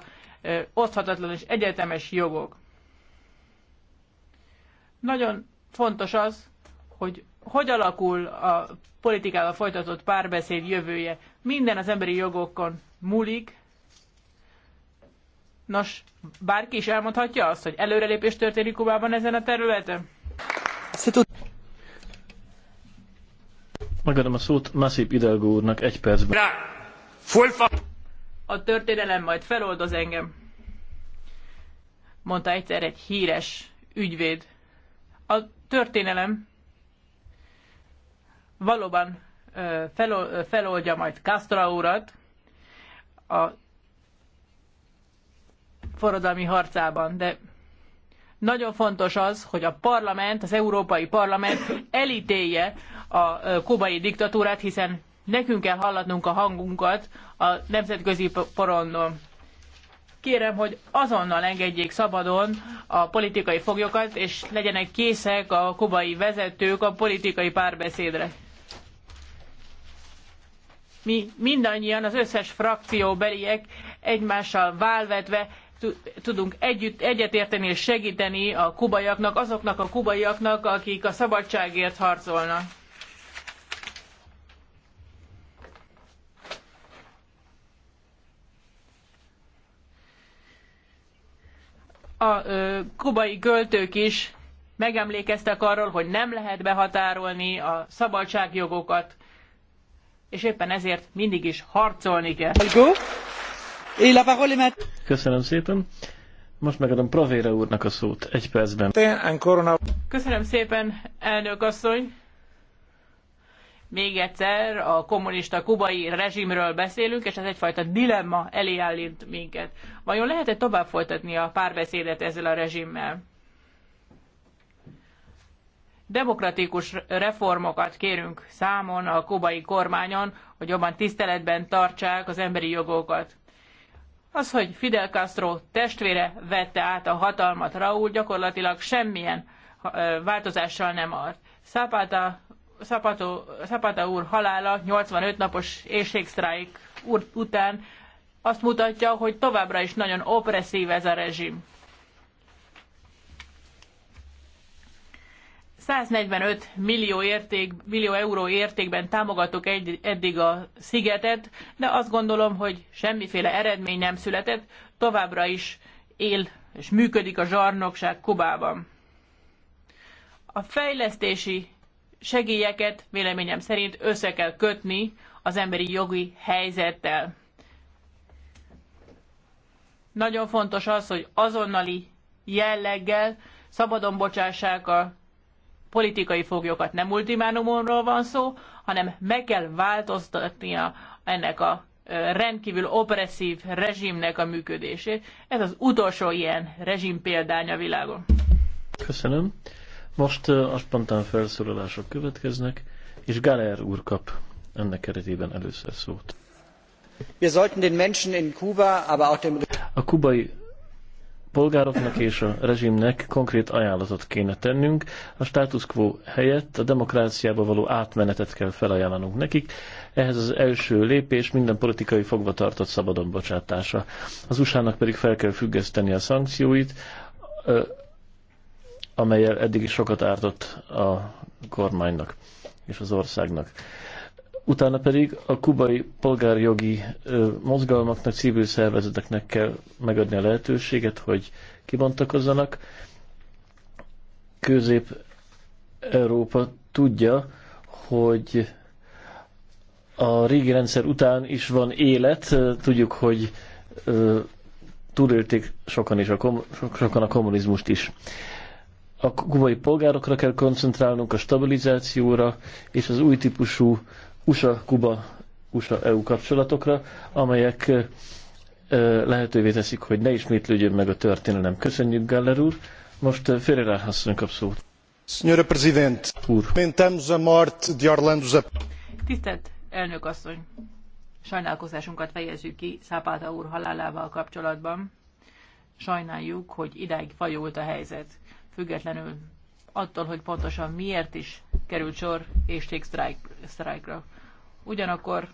oszthatatlan és egyetemes jogok. Nagyon fontos az, hogy hogy alakul a politikával folytatott párbeszéd jövője. Minden az emberi jogokon múlik. Nos, bárki is elmondhatja azt, hogy előrelépés történik Kubában ezen a területen? Megadom a szót Masip Idelgó úrnak egy percben. A történelem majd feloldoz engem, mondta egyszer egy híres ügyvéd. A történelem valóban feloldja majd Castro urat a forradalmi harcában, de nagyon fontos az, hogy a parlament, az Európai Parlament elítélje a kubai diktatúrát, hiszen nekünk kell hallatnunk a hangunkat a nemzetközi porondon. Kérem, hogy azonnal engedjék szabadon a politikai foglyokat, és legyenek készek a kubai vezetők a politikai párbeszédre. Mi mindannyian, az összes frakció beliek egymással válvetve tudunk együtt, egyetérteni és segíteni a kubaiaknak, azoknak a kubaiaknak, akik a szabadságért harcolnak. a kubai költők is megemlékeztek arról, hogy nem lehet behatárolni a szabadságjogokat, és éppen ezért mindig is harcolni kell. Köszönöm szépen. Most megadom Provéra úrnak a szót egy percben. Köszönöm szépen, elnök asszony még egyszer a kommunista kubai rezsimről beszélünk, és ez egyfajta dilemma elé állít minket. Vajon lehet-e tovább folytatni a párbeszédet ezzel a rezsimmel? Demokratikus reformokat kérünk számon a kubai kormányon, hogy jobban tiszteletben tartsák az emberi jogokat. Az, hogy Fidel Castro testvére vette át a hatalmat, Raúl gyakorlatilag semmilyen változással nem ad. Szápáta Szapata, Szapata úr halála 85 napos éjségsztrájk után azt mutatja, hogy továbbra is nagyon opresszív ez a rezsim. 145 millió, érték, millió euró értékben támogatok egy, eddig a szigetet, de azt gondolom, hogy semmiféle eredmény nem született, továbbra is él és működik a zsarnokság Kubában. A fejlesztési segélyeket véleményem szerint össze kell kötni az emberi jogi helyzettel. Nagyon fontos az, hogy azonnali jelleggel szabadon bocsássák a politikai foglyokat. Nem ultimánumonról van szó, hanem meg kell változtatnia ennek a rendkívül opresszív rezsimnek a működését. Ez az utolsó ilyen rezsim példánya világon. Köszönöm. Most a spontán felszólalások következnek, és Galer úr kap ennek keretében először szót. Wir sollten den Menschen in Kuba, aber auch dem... A kubai polgároknak és a rezsimnek konkrét ajánlatot kéne tennünk. A status quo helyett a demokráciába való átmenetet kell felajánlanunk nekik. Ehhez az első lépés minden politikai fogvatartott szabadon bocsátása. Az USA-nak pedig fel kell függeszteni a szankcióit, amelyel eddig is sokat ártott a kormánynak és az országnak. Utána pedig a kubai polgárjogi mozgalmaknak, civil szervezeteknek kell megadni a lehetőséget, hogy kibontakozzanak. Közép-Európa tudja, hogy a régi rendszer után is van élet, tudjuk, hogy túlélték sokan, is a kom- sokan a kommunizmust is a kubai polgárokra kell koncentrálnunk, a stabilizációra és az új típusú USA-Kuba, USA-EU kapcsolatokra, amelyek lehetővé teszik, hogy ne ismétlődjön meg a történelem. Köszönjük, Galler úr. Most Ferreira asszony kap szót. Senhora Presidente, lamentamos a morte de Orlando Zap... Tisztelt elnök asszony, sajnálkozásunkat fejezzük ki Szápáta úr halálával kapcsolatban. Sajnáljuk, hogy idáig fajult a helyzet függetlenül attól, hogy pontosan miért is került sor éjségsztrájkra. Ugyanakkor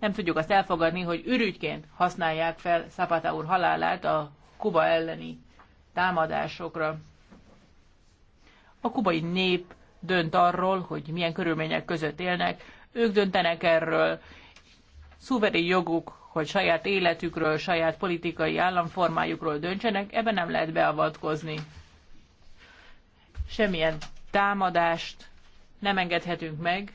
nem tudjuk azt elfogadni, hogy ürügyként használják fel Szapata úr halálát a Kuba elleni támadásokra. A kubai nép dönt arról, hogy milyen körülmények között élnek, ők döntenek erről, szuverén joguk, hogy saját életükről, saját politikai államformájukról döntsenek, ebben nem lehet beavatkozni semmilyen támadást nem engedhetünk meg.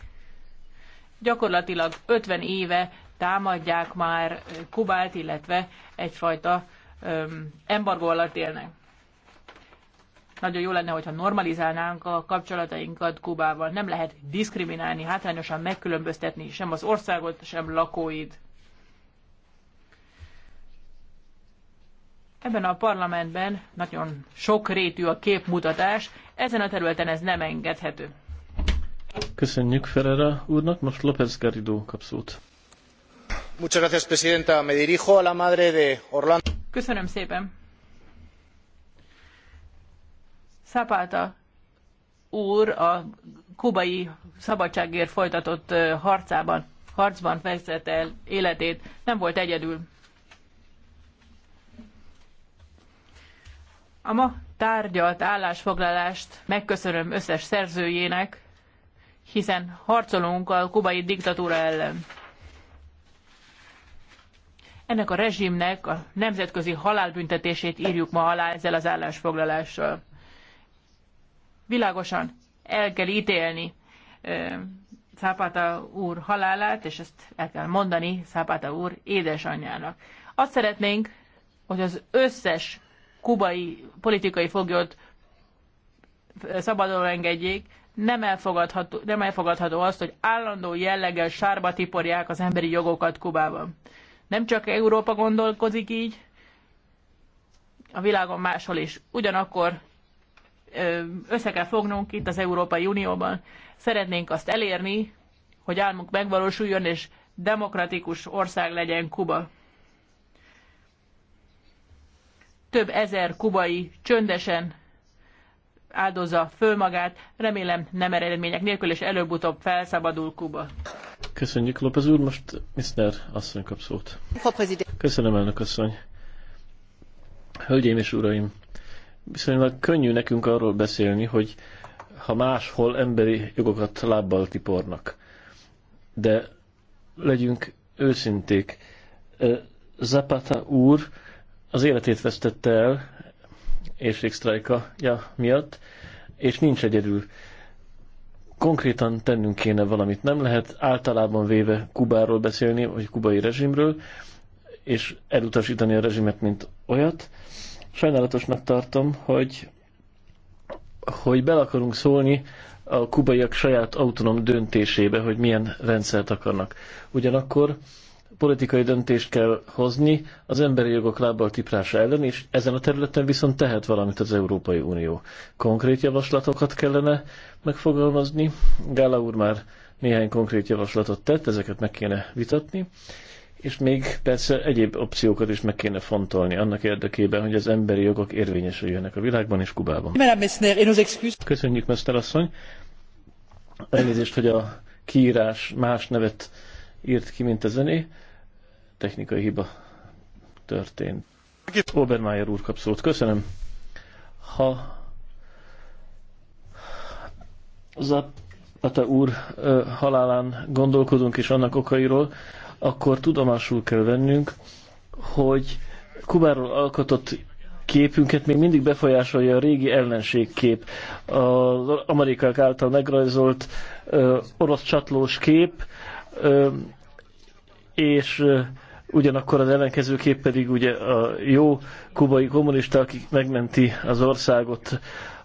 Gyakorlatilag 50 éve támadják már Kubát, illetve egyfajta embargó alatt élnek. Nagyon jó lenne, hogyha normalizálnánk a kapcsolatainkat Kubával. Nem lehet diszkriminálni, hátrányosan megkülönböztetni sem az országot, sem lakóid. Ebben a parlamentben nagyon rétű a képmutatás, ezen a területen ez nem engedhető. Köszönjük Ferrera úrnak, most López Garrido kap szót. Köszönöm szépen. Szápálta úr a kubai szabadságért folytatott harcában, harcban vesztette el életét. Nem volt egyedül. A ma tárgyalt állásfoglalást megköszönöm összes szerzőjének, hiszen harcolunk a kubai diktatúra ellen. Ennek a rezsimnek a nemzetközi halálbüntetését írjuk ma alá ezzel az állásfoglalással. Világosan el kell ítélni Szápáta úr halálát, és ezt el kell mondani Szápáta úr édesanyjának. Azt szeretnénk, hogy az összes kubai politikai foglyot eh, szabadon engedjék, nem elfogadható, nem elfogadható azt, hogy állandó jelleggel sárba tiporják az emberi jogokat Kubában. Nem csak Európa gondolkozik így, a világon máshol is. Ugyanakkor eh, össze kell fognunk itt az Európai Unióban. Szeretnénk azt elérni, hogy álmunk megvalósuljon, és demokratikus ország legyen Kuba. több ezer kubai csöndesen áldozza föl magát. Remélem nem eredmények nélkül, és előbb-utóbb felszabadul Kuba. Köszönjük, López úr. Most Mr. asszony kap szót. Köszönöm, elnök asszony. Hölgyeim és uraim, viszonylag könnyű nekünk arról beszélni, hogy ha máshol emberi jogokat lábbal tipornak. De legyünk őszinték. Zapata úr az életét vesztette el ja miatt, és nincs egyedül. Konkrétan tennünk kéne valamit. Nem lehet általában véve Kubáról beszélni, vagy kubai rezsimről, és elutasítani a rezsimet, mint olyat. Sajnálatosnak tartom, hogy, hogy bel akarunk szólni a kubaiak saját autonóm döntésébe, hogy milyen rendszert akarnak. Ugyanakkor politikai döntést kell hozni az emberi jogok lábbal tiprása ellen, és ezen a területen viszont tehet valamit az Európai Unió. Konkrét javaslatokat kellene megfogalmazni. Gála úr már néhány konkrét javaslatot tett, ezeket meg kéne vitatni, és még persze egyéb opciókat is meg kéne fontolni annak érdekében, hogy az emberi jogok érvényesüljenek a világban és Kubában. Köszönjük, Mester asszony! Elnézést, hogy a kiírás más nevet írt ki, mint a zené technikai hiba történt. Obermeyer úr kap szót. Köszönöm. Ha Zapata úr halálán gondolkodunk és annak okairól, akkor tudomásul kell vennünk, hogy Kubáról alkotott képünket még mindig befolyásolja a régi ellenségkép. Az amerikák által megrajzolt ö, orosz csatlós kép, ö, és ö, ugyanakkor az ellenkező kép pedig ugye a jó kubai kommunista, aki megmenti az országot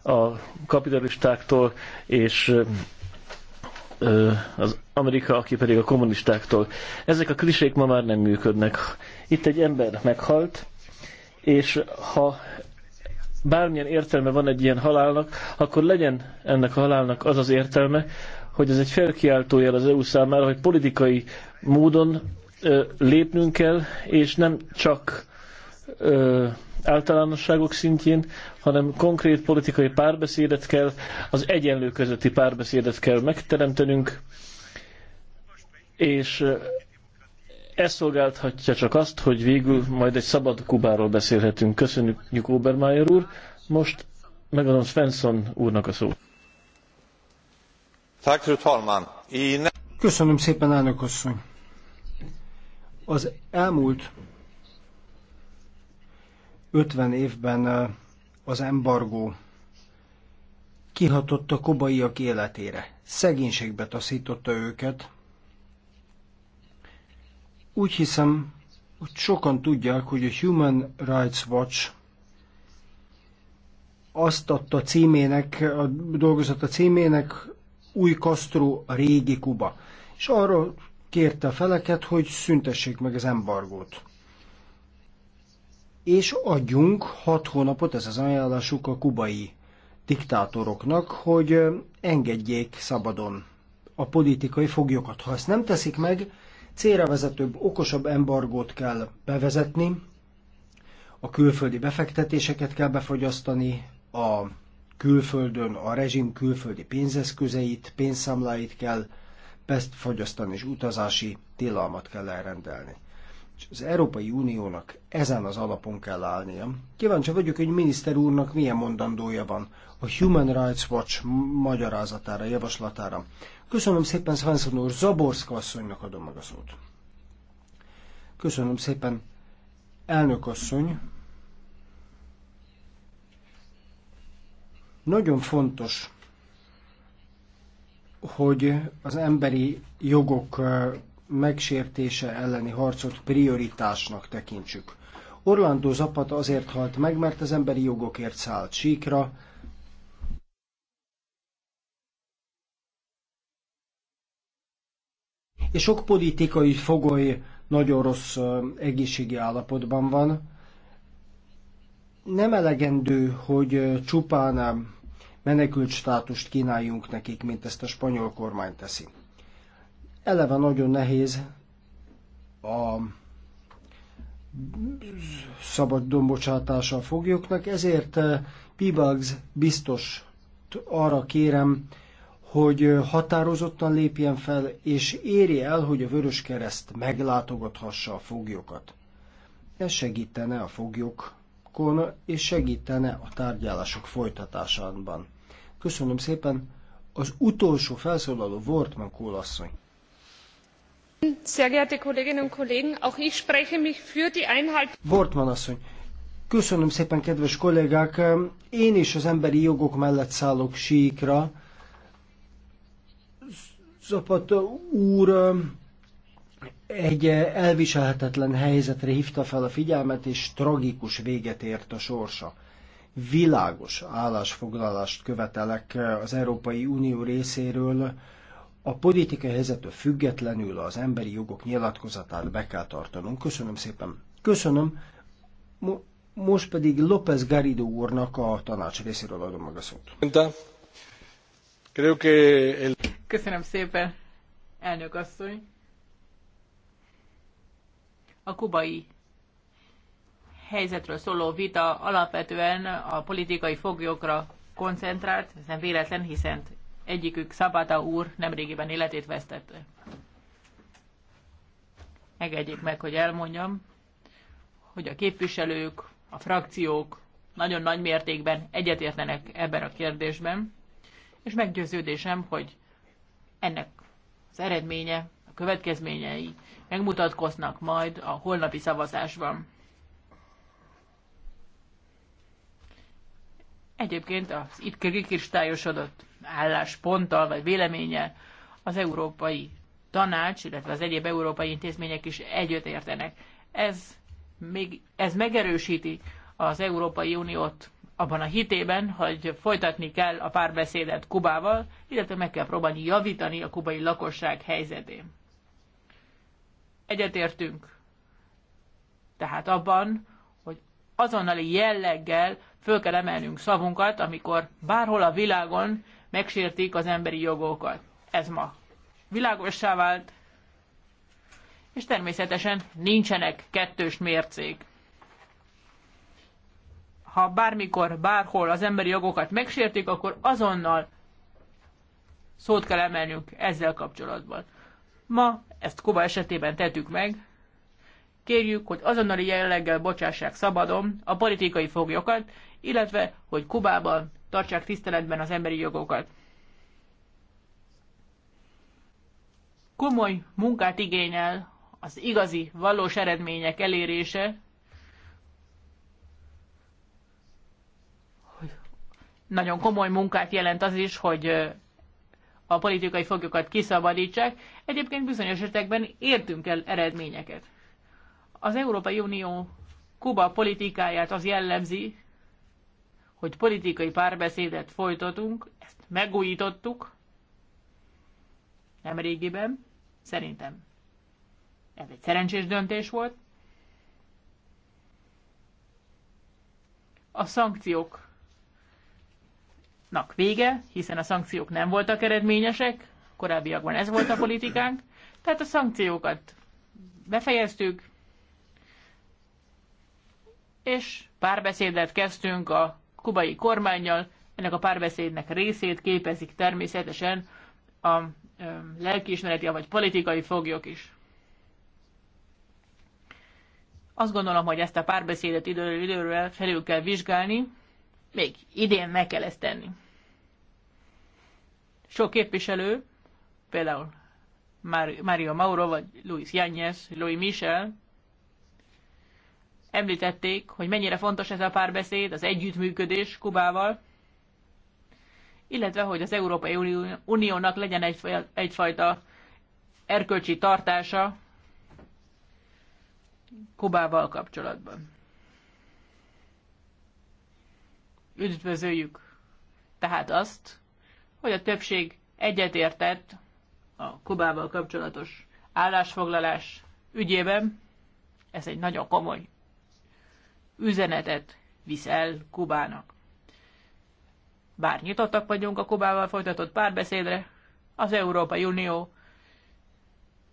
a kapitalistáktól, és az Amerika, aki pedig a kommunistáktól. Ezek a klisék ma már nem működnek. Itt egy ember meghalt, és ha bármilyen értelme van egy ilyen halálnak, akkor legyen ennek a halálnak az az értelme, hogy ez egy felkiáltójel az EU számára, hogy politikai módon lépnünk kell, és nem csak általánosságok szintjén, hanem konkrét politikai párbeszédet kell, az egyenlő közötti párbeszédet kell megteremtenünk, és ez szolgálthatja csak azt, hogy végül majd egy szabad Kubáról beszélhetünk. Köszönjük Obermeyer úr. Most megadom Svensson úrnak a szót. Köszönöm szépen, elnök asszony. Az elmúlt 50 évben az embargó kihatott a kobaiak életére, szegénységbe taszította őket. Úgy hiszem, hogy sokan tudják, hogy a Human Rights Watch azt adta címének, a dolgozata címének új Castro, a régi Kuba. És arról kérte a feleket, hogy szüntessék meg az embargót. És adjunk hat hónapot, ez az ajánlásuk a kubai diktátoroknak, hogy engedjék szabadon a politikai foglyokat. Ha ezt nem teszik meg, célra vezetőbb, okosabb embargót kell bevezetni, a külföldi befektetéseket kell befogyasztani, a külföldön a rezsim külföldi pénzeszközeit, pénzszámláit kell fogyasztani és utazási tilalmat kell elrendelni. És az Európai Uniónak ezen az alapon kell állnia. Kíváncsi vagyok, hogy miniszter úrnak milyen mondandója van a Human Rights Watch magyarázatára, javaslatára. Köszönöm szépen Svensson úr, Zaborszka asszonynak adom meg a szót. Köszönöm szépen, elnök asszony. Nagyon fontos hogy az emberi jogok megsértése elleni harcot prioritásnak tekintsük. Orlando Zapat azért halt meg, mert az emberi jogokért szállt síkra, és sok politikai fogoly nagyon rossz egészségi állapotban van. Nem elegendő, hogy csupán menekült státust kínáljunk nekik, mint ezt a spanyol kormány teszi. Eleve nagyon nehéz a szabad dombocsátása a foglyoknak, ezért eh, Pibags biztos arra kérem, hogy eh, határozottan lépjen fel, és éri el, hogy a Vörös Kereszt meglátogathassa a foglyokat. Ez segítene a foglyokon, és segítene a tárgyalások folytatásában. Köszönöm szépen. Az utolsó felszólaló Wortmann kólasszony. Sehr geehrte Kolleginnen und Kollegen, auch ich spreche mich für die Einhaltung. Wortmann asszony, köszönöm szépen, kedves kollégák. Én is az emberi jogok mellett szállok síkra. Zapata úr egy elviselhetetlen helyzetre hívta fel a figyelmet, és tragikus véget ért a sorsa világos állásfoglalást követelek az Európai Unió részéről, a politikai helyzetől függetlenül az emberi jogok nyilatkozatát be kell tartanunk. Köszönöm szépen. Köszönöm. Mo- most pedig López Garrido úrnak a tanács részéről adom meg a szót. Köszönöm szépen, elnök asszony. A kubai helyzetről szóló vita alapvetően a politikai foglyokra koncentrált, ez nem véletlen, hiszen egyikük Szabata úr nemrégiben életét vesztette. Megegyék meg, hogy elmondjam, hogy a képviselők, a frakciók nagyon nagy mértékben egyetértenek ebben a kérdésben, és meggyőződésem, hogy ennek az eredménye, a következményei megmutatkoznak majd a holnapi szavazásban. Egyébként az itt kikristályosodott állásponttal vagy véleménye az Európai Tanács, illetve az egyéb európai intézmények is együtt értenek. Ez, még, ez megerősíti az Európai Uniót abban a hitében, hogy folytatni kell a párbeszédet Kubával, illetve meg kell próbálni javítani a kubai lakosság helyzetén. Egyetértünk tehát abban, azonnali jelleggel föl kell emelnünk szavunkat, amikor bárhol a világon megsértik az emberi jogokat. Ez ma világossá vált, és természetesen nincsenek kettős mércék. Ha bármikor, bárhol az emberi jogokat megsértik, akkor azonnal szót kell emelnünk ezzel kapcsolatban. Ma ezt Kuba esetében tettük meg, kérjük, hogy azonnali jelleggel bocsássák szabadon a politikai foglyokat, illetve hogy Kubában tartsák tiszteletben az emberi jogokat. Komoly munkát igényel az igazi, valós eredmények elérése, nagyon komoly munkát jelent az is, hogy a politikai foglyokat kiszabadítsák. Egyébként bizonyos esetekben értünk el eredményeket. Az Európai Unió Kuba politikáját az jellemzi, hogy politikai párbeszédet folytatunk, ezt megújítottuk nem régiben, szerintem ez egy szerencsés döntés volt. A szankcióknak vége, hiszen a szankciók nem voltak eredményesek, korábbiakban ez volt a politikánk, tehát a szankciókat befejeztük, és párbeszédet kezdtünk a kubai kormányjal. Ennek a párbeszédnek részét képezik természetesen a lelkiismereti, vagy politikai foglyok is. Azt gondolom, hogy ezt a párbeszédet időről időről felül kell vizsgálni, még idén meg kell ezt tenni. Sok képviselő, például Mario Mauro, vagy Luis Yáñez, Louis Michel, Említették, hogy mennyire fontos ez a párbeszéd, az együttműködés Kubával, illetve hogy az Európai Uniónak legyen egyfajta erkölcsi tartása Kubával kapcsolatban. Üdvözöljük tehát azt, hogy a többség egyetértett a Kubával kapcsolatos állásfoglalás ügyében. Ez egy nagyon komoly üzenetet visz el Kubának. Bár nyitottak vagyunk a Kubával folytatott párbeszédre, az Európai Unió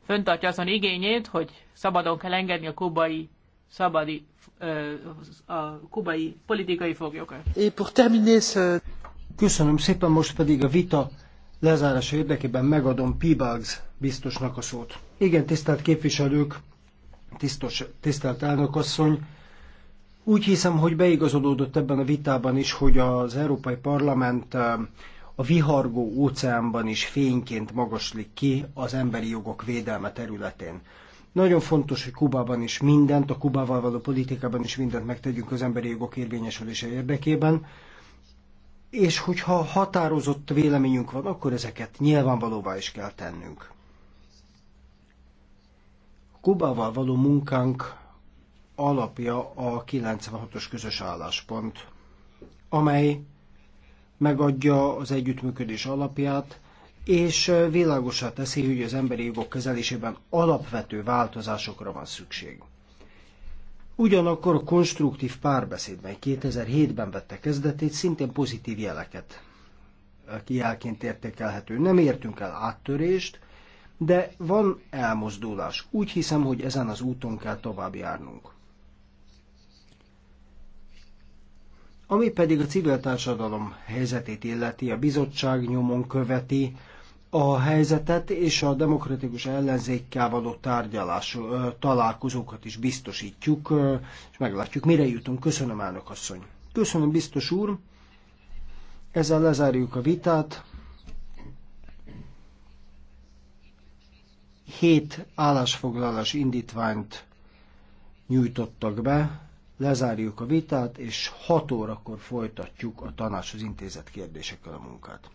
föntartja azon igényét, hogy szabadon kell engedni a kubai szabadi, a kubai politikai foglyokat. Köszönöm szépen, most pedig a vita lezárása érdekében megadom Pibags biztosnak a szót. Igen, tisztelt képviselők, tisztos, tisztelt elnökasszony, úgy hiszem, hogy beigazolódott ebben a vitában is, hogy az Európai Parlament a vihargó óceánban is fényként magaslik ki az emberi jogok védelme területén. Nagyon fontos, hogy Kubában is mindent, a Kubával való politikában is mindent megtegyünk az emberi jogok érvényesülése érdekében, és hogyha határozott véleményünk van, akkor ezeket nyilvánvalóvá is kell tennünk. Kubával való munkánk alapja a 96-os közös álláspont, amely megadja az együttműködés alapját, és világosá teszi, hogy az emberi jogok kezelésében alapvető változásokra van szükség. Ugyanakkor a konstruktív párbeszédben 2007-ben vette kezdetét, szintén pozitív jeleket jelként értékelhető. Nem értünk el áttörést, de van elmozdulás. Úgy hiszem, hogy ezen az úton kell tovább járnunk. Ami pedig a civil társadalom helyzetét illeti, a bizottság nyomon követi a helyzetet, és a demokratikus ellenzékkel való tárgyalás, találkozókat is biztosítjuk, és meglátjuk, mire jutunk. Köszönöm, elnök asszony. Köszönöm, biztos úr. Ezzel lezárjuk a vitát. Hét állásfoglalás indítványt nyújtottak be, lezárjuk a vitát, és 6 órakor folytatjuk a tanácshoz intézett kérdésekkel a munkát.